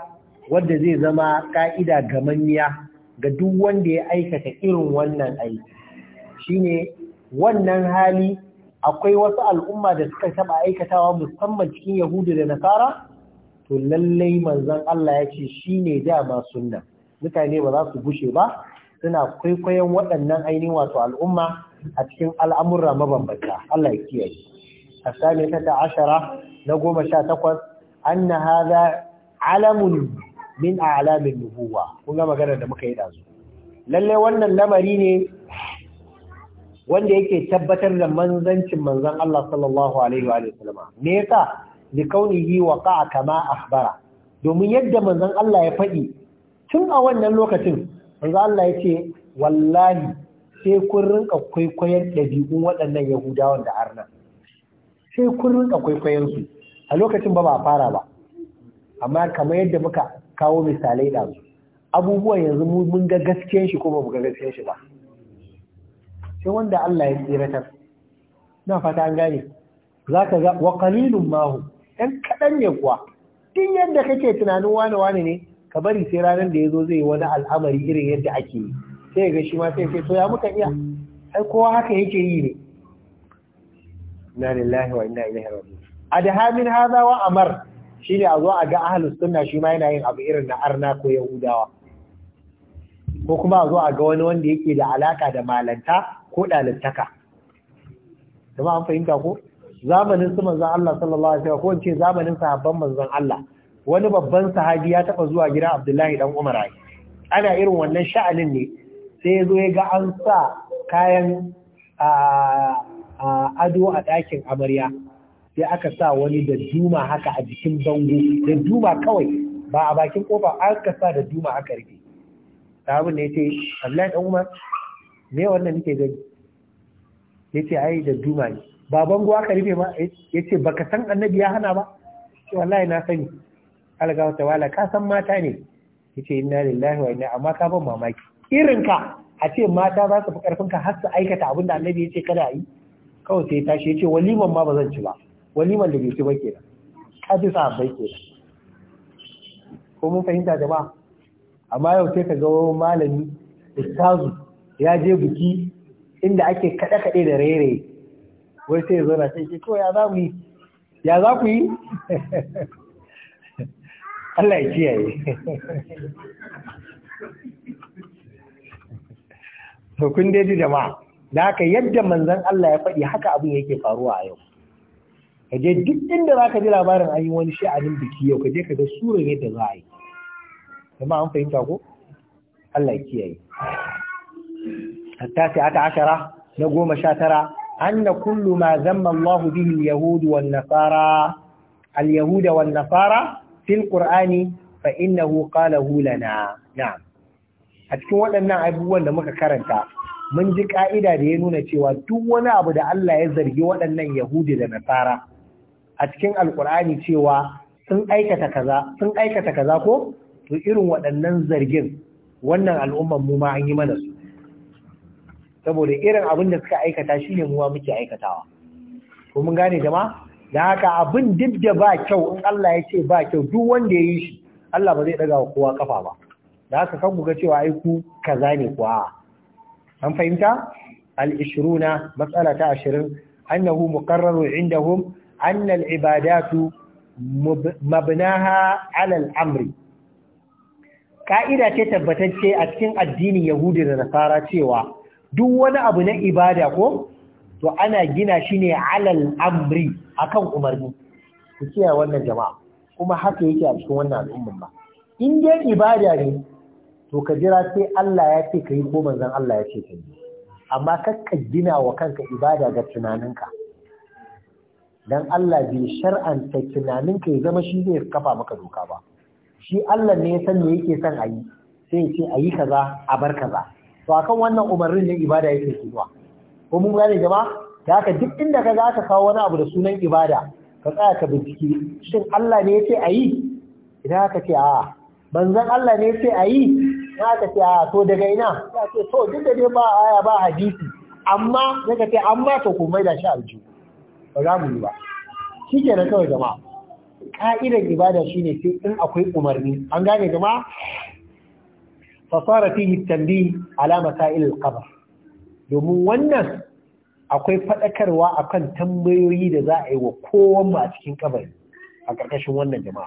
wadda zai zama ka'ida gamanniya ga duk wanda ya aikata irin wannan aiki shine wannan hali akwai wasu al'umma da suka taɓa aikatawa musamman cikin yahudu da nasara to lallai manzon Allah ya ce shine dama sunna mutane ba za su bushe ba suna kwaikwayon waɗannan ainihin wato al'umma a cikin al'amurra mabambanta Allah ya kiyaye asali ta ashara na goma sha takwas an na haza alamun min alamin nubuwa kun ga magana da muka yi ɗazu lalle wannan lamari ne wanda yake tabbatar da manzancin manzan Allah sallallahu alaihi wa sallama me yasa li kaunihi waqa'a kama akhbara domin yadda manzon Allah ya faɗi tun a wannan lokacin wanzu Allah ya ce wallahi sai kun rinka kwaikwayon ɗabi'un waɗannan yahudawan da arna sai kun rinka kwaikwayonsu a lokacin ba ba fara ba amma kamar yadda muka kawo misalai da abubuwan yanzu mun ga gaskiyan shi ko ba mu ga gaskiyan shi ba sai wanda Allah ya tsiratar na fata an gane zaka ga wa kalilun mahu, ‘yan kaɗan ne kuwa din yadda kake tunanin wane wane ne ka bari sai ranar da ya zo zai wani al'amari irin yadda ake yi sai ga shi ma sai sai to ya muka iya ai kowa haka yake yi ne na lillahi wa inna ilaihi raji'un adha min hadha wa amar shine a zo a ga ahlus sunna shi ma yana yin abu irin na arna ko yahudawa ko kuma a zo a ga wani wanda yake da alaka da malanta ko dalittaka kuma an fahimta ko zamanin su manzon Allah sallallahu alaihi wasallam ko in ce zamanin sahabban manzon Allah wani babban sahabi ya taɓa zuwa gida abdullahi dan umar ana irin wannan sha'anin ne sai ya zo ya ga an sa kayan ado a ɗakin amarya sai aka sa wani da duma haka a jikin bango da duma kawai ba a bakin kofa aka sa da duma aka rufe sabon ne ya ce abdullahi dan umar me wannan nake gani ya ce ai da duma ne ba bango aka rufe ma? Yace baka san annabi ya hana ba ce wallahi na sani Allah ta wala ka san mata ne yace inna lillahi wa inna amma ka ban mamaki irin ka a ce mata za su fi karfin ka har su aikata abin da annabi yace kada yi kawai sai tashi yace waliman ma ba zan ci ba waliman da bai ci ba kenan ka ji sa bai kenan ko mun fahimta jama'a amma yau sai ka ga malami ustazu ya je biki inda ake kaɗe kaɗe da rere wai sai ya zo na sai ce to ya za mu yi ya za ku yi Allah ya kiyaye to kun dai jama'a da haka yadda manzon Allah ya faɗi haka abin yake faruwa a yau Kaje je duk inda za ka ji labarin an yi wani sha'anin biki yau ka je ka ga surar yadda za a yi jama'a an fahimta ko Allah ya kiyaye hatta sai aka ashara na goma sha tara أن كل ما Yahudu wa Nasara. Al-Yahuda wa Nasara. fil qur'ani fa innahu qalahu lana na'am a cikin waɗannan abubuwan da muka karanta mun ji ƙa'ida da ya nuna cewa duk wani abu da Allah ya zargi waɗannan Yahudi da Nasara a cikin Alƙur'ani cewa sun aikata kaza aikata kaza ko to irin waɗannan zargin wannan al'ummar mu ma an yi mana su saboda irin abin da suka aikata shine mu ma muke aikatawa ko mun gane jama'a da haka abin duk da ba kyau in Allah ya ce ba kyau duk wanda ya yi shi Allah ba zai ɗaga kowa kafa ba da haka kan ga cewa ai ku kaza ne kuwa an fahimta al-ishruna matsala ta 20 annahu muqarraru indahum anna al-ibadatu mabnaha ala al-amri ka'ida ce tabbatacce a cikin addinin yahudi da nasara cewa duk wani abu na ibada ko to ana gina shi ne alal amri akan umarni ku kiyaye wannan jama'a kuma haka yake a cikin wannan al'ummar ba in dai ibada ne to ka jira sai Allah ya ce kai ko manzon Allah ya ce kai amma kakka gina wa kanka ibada ga tunaninka dan Allah bai shar'anta tunaninka ya zama shi zai kafa maka doka ba shi Allah ne ya san me yake son ayi sai ya ce ayi kaza a bar kaza to akan wannan umarnin ne ibada yake zuwa ko mun gane gaba da haka duk inda ka za ka kawo wani abu da sunan ibada ka tsaya ka bincike shin Allah ne yace a idan ka ce a'a Banzan Allah ne yace a yi idan ka ce a'a to daga ina ka ce to duk da dai ba aya ba hadisi amma daga ce amma to ku mai da shi alju ba za mu yi ba shi ke na kawai jama'a ka'idar ibada shine sai in akwai umarni an gane jama'a fasara fihi tambi ala masail al-qabr domin wannan akwai faɗakarwa a kan tambayoyi da za a yi wa kowan a cikin kabari a ƙarƙashin wannan jama'a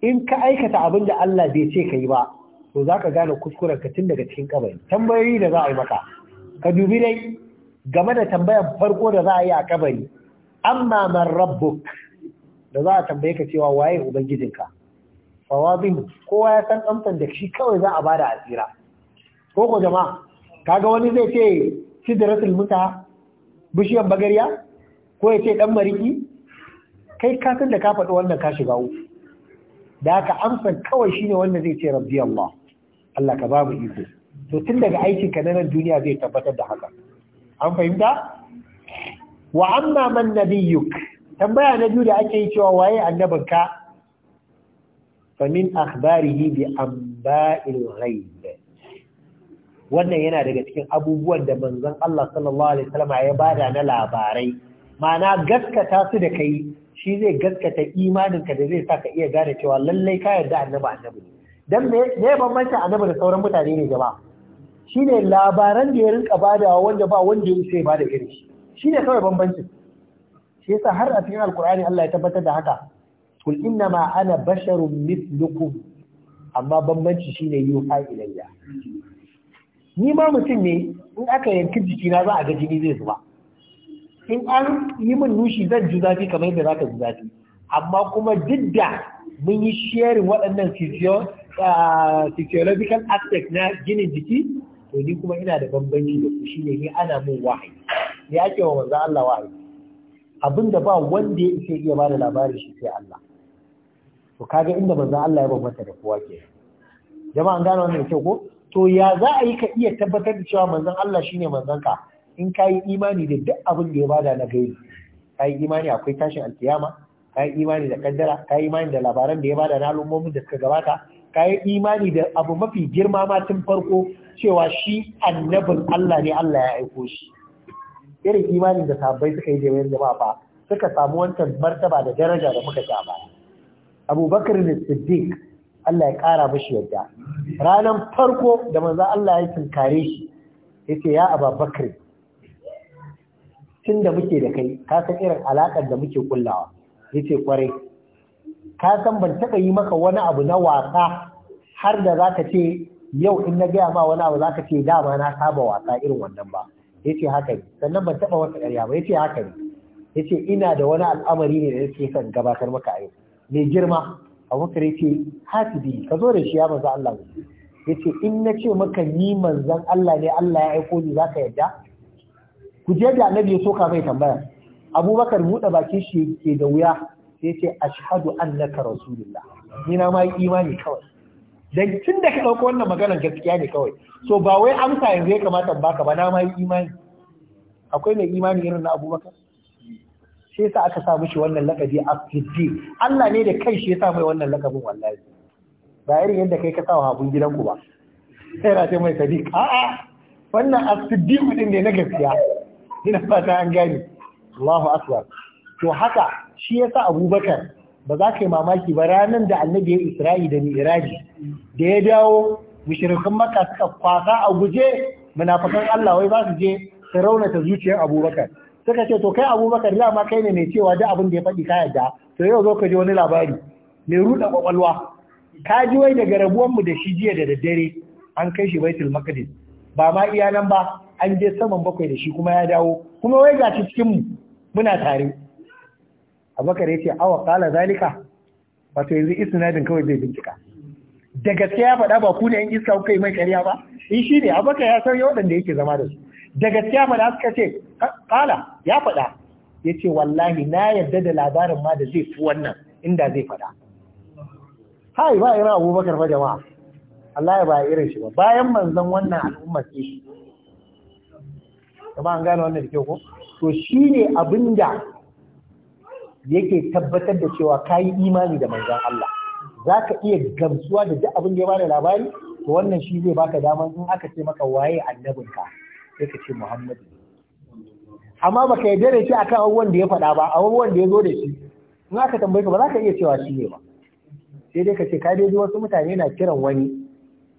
in ka aikata abin da Allah bai ce ka yi ba to za ka gane kuskuren ka tun daga cikin ƙabari. tambayoyi da za a yi maka ka dubi dai game da tambayar farko da za a yi a kabari amma man rabbuk da za a tambaye ka cewa waye ubangijinka fawabin kowa ya san amsan da shi kawai za a bada asira ko ko jama'a kaga wani zai ce sidratul muta bishiyar bagariya ko ya ce ɗan mariki kai kasan da ka faɗi wannan ka shiga uku da haka amsar kawai shine wanda zai ce rabbi Allah Allah ka ba mu iko to tun daga aikin ka na nan duniya zai tabbatar da haka an fahimta wa amma man nabiyyuk tambaya na biyu da ake yi cewa waye annabinka fa min akhbarihi bi amba'il ghaib wannan yana daga cikin abubuwan da manzon Allah sallallahu alaihi wasallam ya bada na labarai ma'ana gaskata su da kai shi zai gaskata imaninka da zai saka iya gane cewa lallai ka yarda annabi annabi dan me ne bambanci annabi da sauran mutane ne jama'a shine labaran da ya rinka badawa wanda ba wanda ya sai bada irin shi shine kawai bambancin shi yasa har a cikin alkur'ani Allah ya tabbatar da haka kul inna ma ana basharun mithlukum amma bambanci shine yuha ilayya ni ma mutum ne in aka yanki jikina za a ga jini zai zuba in an yi min nushi zan ji zafi kamar yadda za ka ji zafi amma kuma duk da mun yi sharing waɗannan ah, physiological aspect na ginin jiki to ni kuma ina da bambanci da ku shine ni ana min wahayi ne ake wa manzo Allah wahayi abin da ba wanda ya isa iya bada labarin shi sai Allah to kaga inda manzo Allah ya bambanta da kowa ke Jama'an gane wannan kyau ko to ya za a yi ka iya tabbatar da cewa manzon Allah shine manzon ka in ka imani da duk abin da ya bada na gaibi ka imani akwai tashin alkiyama ka yi imani da kaddara ka yi imani da labaran da ya bada na al'ummomin da suka gabata ka imani da abu mafi girma ma tun farko cewa shi annabin Allah ne Allah ya aiko shi irin imanin da sabbai suka yi da wayan jama'a ba suka samu wancan martaba da daraja da muka ci a baya Abubakar ne Siddiq Allah ya ƙara mashi yadda Ranan farko da manzo Allah ya tunkare shi yace ya Abubakar tun da muke da kai ka san irin alakar da muke kullawa yace kwarai ka san ban taɓa yi maka wani abu na wasa har da zaka ce yau in na gaya ma wani abu zaka ce dama na saba wasa irin wannan ba yace haka ne sannan ban taɓa wata ƙarya ba yace haka ne yace ina da wani al'amari ne da yake son gabatar maka a yau mai girma abubakar yake hatibi ka zo da shi ya manzan Allah ya ce in na ce maka ni manzan Allah ne Allah ya aiko ni za ka yadda ku je da annabi ya ka mai tambaya abubakar buɗe bakin shi ke da wuya Ya ce ashhadu annaka rasulullah ni na ma imani kawai dan tun da ka ɗauko wannan maganar gaskiya ne kawai so ba wai amsa yanzu ya kamata baka ba na ma yi imani akwai mai imani irin na abubakar sai yasa aka sa mishi wannan lakabi a fiddi Allah ne da kai shi yasa mai wannan lakabin wallahi ba irin yadda kai ka sawa habun gidanku ba sai race mai sadiq a'a wannan as-siddiq din ne na gaskiya ina fata an gane Allahu akbar to haka shi yasa Abubakar ba za ka yi mamaki ba ranar da annabi ya isra'i da mi'raji da ya dawo mushrikan makka suka kwasa a guje munafikan Allah wai ba su je su raunata zuciyar Abubakar suka ce to kai abubakar dama kai ne mai cewa da abin da ya faɗi ka yadda to yau zo ka ji wani labari mai ruɗa ƙwaƙwalwa. ka ji wai daga rabuwanmu da shi jiya da daddare an kai shi baitul maqdis ba ma iya nan ba an je saman bakwai da shi kuma ya dawo kuma wai ga shi cikin mu muna tare abubakar ya ce awa qala zalika wato yanzu isnadin kawai zai bincika da gaske ya faɗa ba ku ne yan iska kai mai ƙarya ba in shi ne abubakar ya san waɗanda yake zama da su da gaskiya da ce kala ya faɗa ya ce wallahi na yarda da labarin ma da zai fi wannan inda zai faɗa hai ba irin abubakar ba jama'a Allah ya ba irin shi ba bayan manzan wannan al'ummar ce shi kuma an gane wannan da ko to shi ne abin da yake tabbatar da cewa ka yi imani da manzan Allah Za ka iya gamsuwa da duk abin da ya da labari to wannan shi zai baka dama in aka ce maka waye annabinka sai ka ce Muhammadu amma baka yarda da shi akan abubuwan da ya faɗa ba abubuwan da ya zo da shi in aka tambaye ka ba za ka iya cewa shi ne ba sai dai ka ce ka dai wasu mutane na kiran wani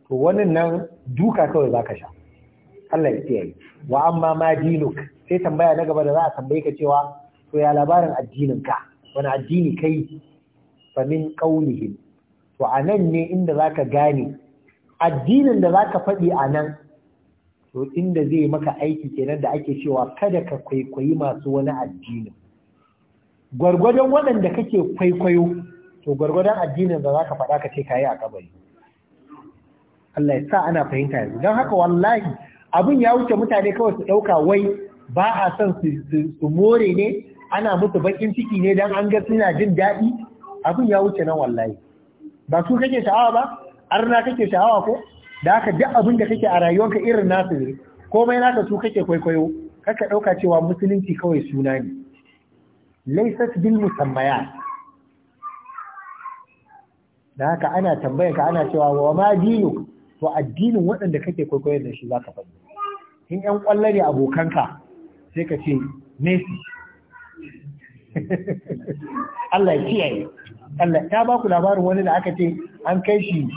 to wannan nan duka kawai za ka sha Allah ya kiyaye wa amma ma dinuk sai tambaya na gaba da za a tambaye ka cewa to ya labarin addinin ka wani addini kai fa min qawlihim to nan ne inda za ka gane addinin da za ka faɗi a nan to inda zai maka aiki kenan da ake cewa kada ka kwaikwayi masu wani addini gwargwadon waɗanda kake kwaikwayo to gwargwadon addinin da za ka faɗa ka ce ka a kabari Allah ya sa ana fahimta yanzu don haka wallahi abin ya wuce mutane kawai su ɗauka wai ba a son su more ne ana musu bakin ciki ne don an ga suna jin daɗi abin ya wuce nan wallahi ba su kake sha'awa ba arna kake sha'awa ko da aka duk abin da kake a rayuwarka irin nasu ne komai naka su kake kwaikwayo kaka ɗauka cewa musulunci kawai suna ne laisat bil musammaya da haka ana tambayar ka ana cewa wa ma dinu to addinin waɗanda kake kwaikwayo da shi zaka faɗi in yan ƙwallo ne abokanka sai ka ce Messi Allah ya kiyaye Allah ta ba ku labarin wani da aka ce an kai shi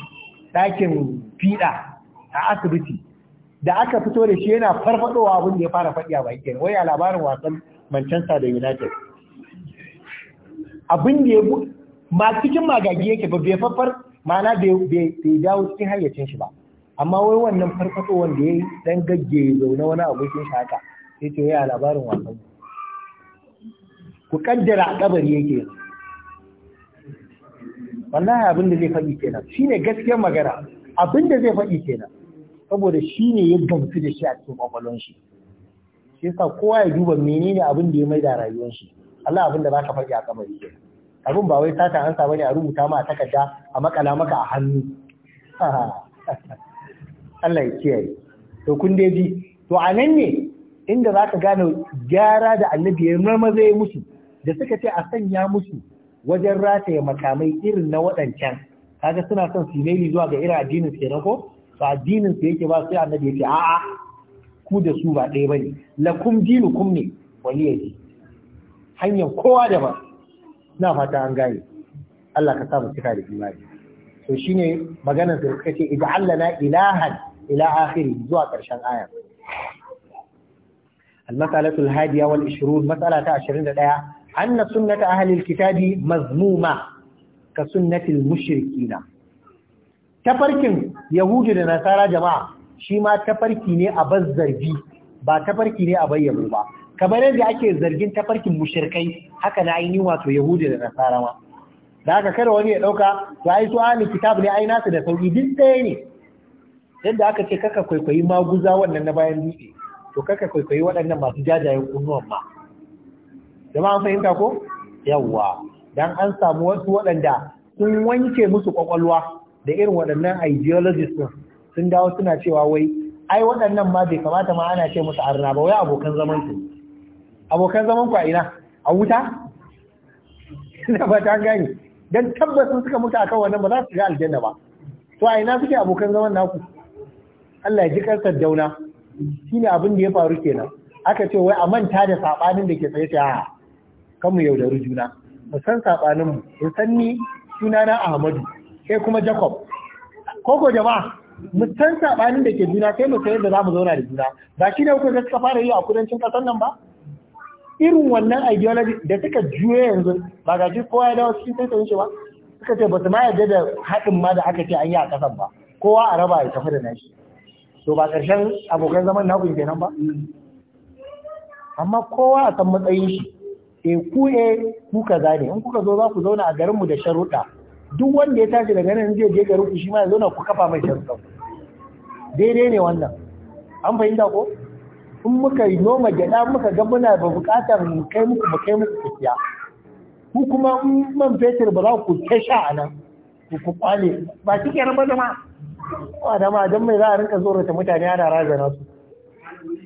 ɗakin fiɗa a asibiti da aka fito da shi yana farfadowa abin da ya fara faɗi a bakin wai a labarin wasan Manchester da United abin da ya ma cikin magagi yake ba bai farfar ma'ana bai dawo cikin hayyacin shi ba amma wai wannan farfaso wanda ya yi dan gagge zaune wani abokin shi haka sai ce wai a labarin wasan ku kaddara a kabari yake yanzu wallahi abin da zai faɗi kenan shine gaskiyar magana abin da zai faɗi kenan saboda shine ya gamsu da shi a cikin kwakwalwar shi shi yasa kowa ya duba menene abin da ya maida rayuwar shi Allah abin da zaka faɗi a kamar kenan abin ba wai sata an sa bane a rubuta ma a takarda a makala maka a hannu Allah ya kiyaye to kun dai ji to a nan ne inda zaka gane gyara da annabi ya maza ya musu da suka ce a sanya musu wajen rataye makamai irin na waɗancan kaga suna son su maili zuwa ga irin addinin su kenan ko to addinin su yake ba sai annabi yake a'a ku da su ba ɗaya bane lakum kum ne ji, hanyar kowa daban na fata an gane Allah ka samu cika da imani to shine maganar da suka ce ij'al lana ilahan ila akhiri zuwa ƙarshen aya المسألة الهادية والعشرون مسألة عشرين دقيقة anna sunnata ahlil kitabi mazmuma ka sunnatil mushrikina tafarkin yahudu da nasara jama'a shi ma tafarki ne a bazzargi ba tafarki ne a bayyano ba kamar yadda ake zargin tafarkin mushirkai haka na ainihin wato yahudu da nasara ba. da haka kada wani ya ɗauka to ai su ahli kitab ne ai nasu da sauki duk ɗaya ne yadda aka ce kaka kwaikwayi maguza wannan na bayan dutse to kaka kwaikwayi waɗannan masu jajayen kunnuwan ma an fahimta ko yawwa dan an samu wasu waɗanda sun wanke musu ƙwaƙwalwa da irin waɗannan ideologist din sun dawo suna cewa wai ai waɗannan ma bai kamata ma ana ce musu arna ba wai abokan zaman ku abokan zaman ku a ina a wuta ina ba ta gani dan tabbasin suka mutu akan wannan ba za su ga aljanna ba to a ina suke abokan zaman naku Allah ya ji kansar dauna shine abin da ya faru kenan aka ce wai a manta da sabanin da ke tsaye ta kan mu da juna mu san sabanin mu mu san ni suna na Ahmadu kai kuma Jacob ko jama'a mu san sabanin da ke juna sai mu san yadda zamu zauna da juna ba shi ne kuka suka fara yi a kudancin kasar nan ba irin wannan ideology da suka juye yanzu ba ga shi kowa ya dawo cikin sai shi ba suka ce ba su ma yarda da haɗin ma da aka ce an yi a ƙasar ba kowa a raba ya tafi da nashi to ba ƙarshen abokan zaman naku kenan ba amma kowa a san matsayin shi e ku kuka e, ku kaza ne in kuka zo za ku zauna a garin mu da sharuɗa duk wanda ya tashi daga nan zai je garin ku shi ma ya zauna ku kafa mai sharuɗa daidai ne wannan an fahimta ko in muka yi noma gyaɗa muka ga muna ba buƙatar mu kai muku mu kai muku tafiya ku kuma in man fetur ba za ku ta sha a nan ku kwale ba shi kenan ba zama ba dama don mai za a rinka zorata mutane ana razana su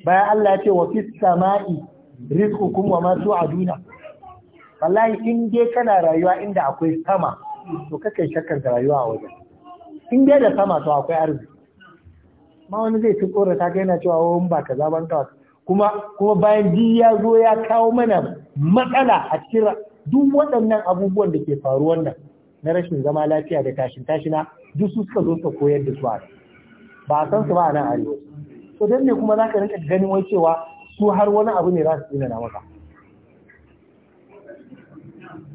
bayan Allah ya ce wa fis sama'i rizqukum wa ma tu'aduna wallahi in dai kana rayuwa inda akwai sama to kake shakkar da rayuwa a wajen in dai da sama to akwai arziki ma wani zai ci korata kai yana cewa wani oh, ba kaza ban ka kuma kuma bayan ji ya zo ya kawo mana matsala a cikin duk waɗannan abubuwan da ke faruwan nan na rashin zama lafiya da tashin tashina duk su suka zo su koyar da su ba a san su ba a nan arewa to dan ne kuma zaka rinka ganin wai cewa su har wani abu ne za su tsinana maka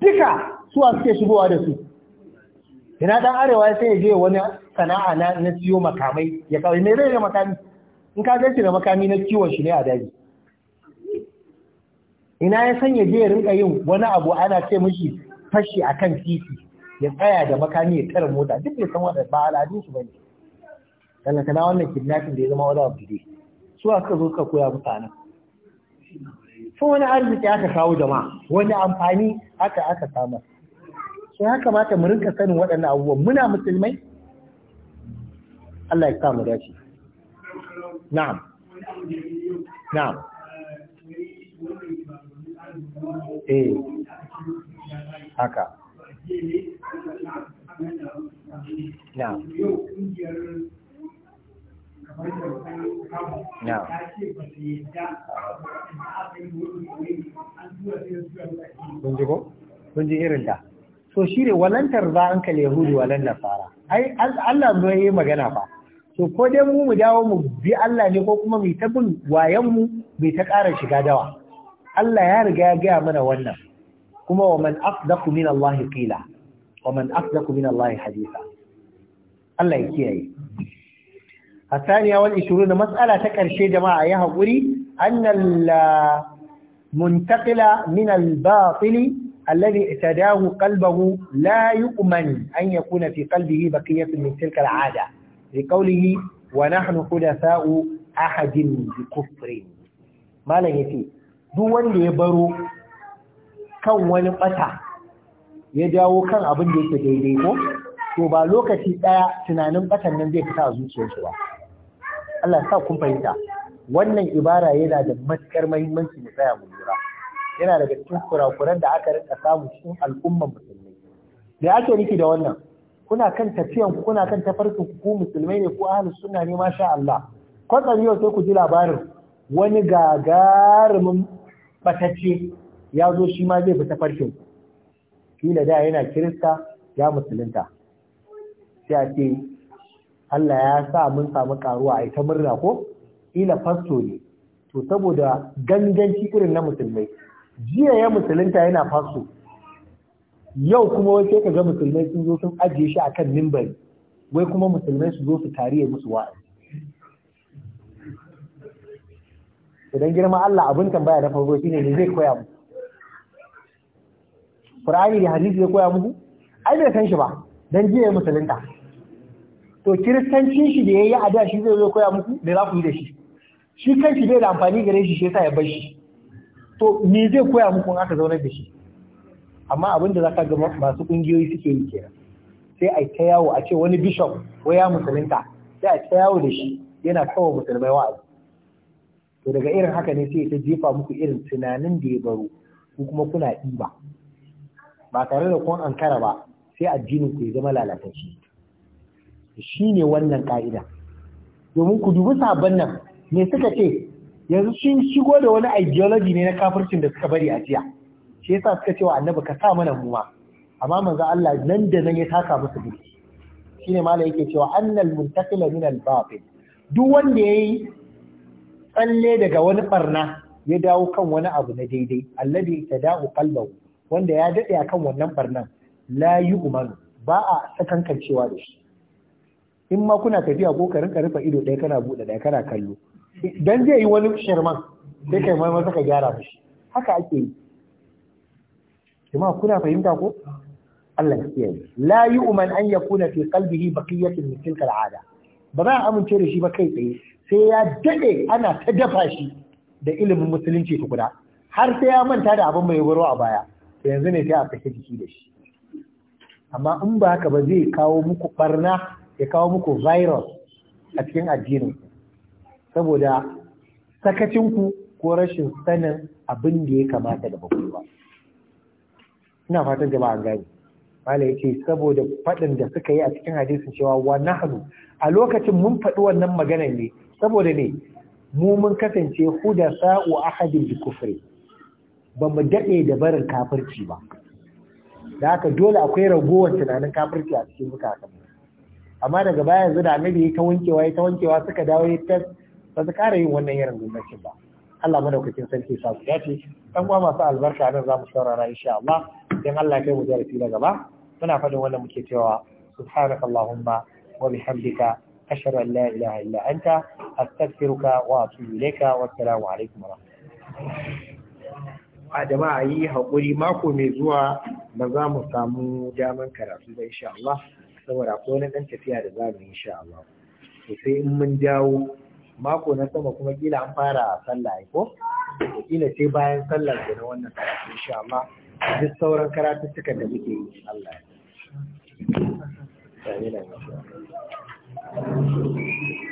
duka a suke shigowa da su ina dan arewa sai ya je wani sana'a na na siyo makamai ya kawai mai rai da makami in ka gaci da makami na kiwon shi ne a daji ina ya san ya je ya rinka yin wani abu ana ce mishi fashi akan titi ya tsaya da makami ya tara mota duk da san wanda ba al'adun su bane kana kana wannan kidnapping da ya zama wani abu dai su aka zo ka koya mutanen sun wani arziki aka kawo jama'a wani amfani aka aka samar so ya kamata mu rinka sanin waɗannan abubuwan muna musulmai Allah ya sa mu dace na'am na'am eh haka na'am na kun ji ko kun ji irin da so shi ne walantar za an kalli yahudu walan nasara ai Allah zo yi magana fa so ko dai mu mu dawo mu bi Allah ne ko kuma mu ta bin wayan mu ta ƙara shiga dawa Allah ya riga ya gaya mana wannan kuma wa man afdaku min Allah qila wa man afdaku min Allah hadisa. Allah ya kiyaye الثانية والعشرون مسألة تكرشي جماعة يا هقولي أن المنتقل من الباطل الذي اعتداه قلبه لا يؤمن أن يكون في قلبه بقية من تلك العادة لقوله ونحن حدثاء أحد بكفر ما لا يتي دون يبرو كون ونقطع يجاو كان أبن ديك ديديكو to ba lokaci ɗaya tunanin ɓatan nan zai fita a zuciyarsu ba Allah sa kun fahimta wannan ibara yana da matukar muhimmanci mu tsaya mu lura yana daga cikin kurakuran da aka rinka samu cikin al'umman musulmai me ake nufi da wannan kuna kan tafiyan ku kuna kan tafarkin ku musulmai ne ko ahlus sunna ne masha Allah kwatsam yau sai ku ji labarin wani gagarumin batacce ya zo shi ma zai fita farkin kila da yana kirista ya musulunta sai a ce Allah ya sa mun samu karuwa a ita murna ko ila fasto ne to saboda ganganci irin na musulmai jiya ya musulunta yana fasto yau kuma wai sai kaga musulmai sun zo sun ajiye shi akan mimbari wai kuma musulmai su zo su tariye musu wa'azi idan girma Allah abin tambaya na farko shine ne zai koya muku Qur'ani da hadisi zai koya muku ai bai san shi ba dan jiya musulunta to kiristancin shi da ya yi a da shi zai zo koya muku da za ku yi da shi shi kan shi bai da amfani gare shi shi yasa ya bar shi to me zai koya muku in aka zaunar da shi amma abin da za ka ga masu kungiyoyi suke yi kenan sai a ta yawo a ce wani bishop ya musulunta sai a ta yawo da shi yana kawo musulmai wa'azi to daga irin haka ne sai ta jefa muku irin tunanin da ya baro ku kuma kuna ɗiba ba tare da kun ankara ba sai addinin ku ya zama lalatacce shi ne wannan ka'ida. domin ku dubi sabon nan me suka ce yanzu sun shigo da wani ideology ne na kafircin da suka bari a jiya shi yasa suka cewa annabi ka sa mana muma amma manzo Allah nan da nan ya taka musu biki shine malai yake cewa annal muntakila min al batil duk wanda yayi tsalle daga wani barna ya dawo kan wani abu na daidai alladhi tada'u qalbahu wanda ya dade akan wannan barnan la yu'man ba a sakankancewa da shi in ma kuna tafiya ko ka rinka rufe ido ɗaya kana buɗe ɗaya kana kallo dan zai yi wani shirman sai kai mai masa ka gyara mishi haka ake yi jama'a kuna fahimta ko Allah ya kiyaye la yu'man an yakuna fi qalbihi baqiyatun min tilka al'ada ba za a amince da shi ba kai tsaye sai ya dade ana ta dafa shi da ilimin musulunci tukuna har sai ya manta da abin mai gwaro a baya to yanzu ne sai a kashe jiki da shi amma in ba haka ba zai kawo muku barna ya kawo muku virus a cikin addinin saboda sakacinku ko rashin sanin abin da ya kamata da bakwai ba ina fatan jama'a gani ya yake saboda faɗin da suka yi a cikin hadisin cewa wa nahnu a lokacin mun faɗi wannan maganar ne saboda ne mu mun kasance huda sa'u ahadin bi kufri ba mu daɗe da barin kafirci ba da haka dole akwai ragowar tunanin kafirci a cikin zukatan mu amma daga baya yanzu da annabi ya ta wankewa ya ta wankewa suka dawo ya ta ba su kara yin wannan irin gwamnatin ba Allah madaukakin sarki sa su dace dan uwa masu albarka nan za mu saurara insha Allah dan Allah ya kai mu darasi na gaba muna faɗin wannan muke cewa subhanakallahumma wa bihamdika ashhadu an la ilaha illa anta astaghfiruka wa atubu ilayka wa assalamu a jama'a yi hakuri mako mai zuwa ba za mu samu daman karatu da insha Allah saboda ko na ɗan tafiya da zamu yi insha Allah to sai in mun dawo mako na sama kuma kila an fara sallah ko kila sai bayan sallar da na wannan karatu insha Allah duk sauran karatuttukan da muke yi Allah you.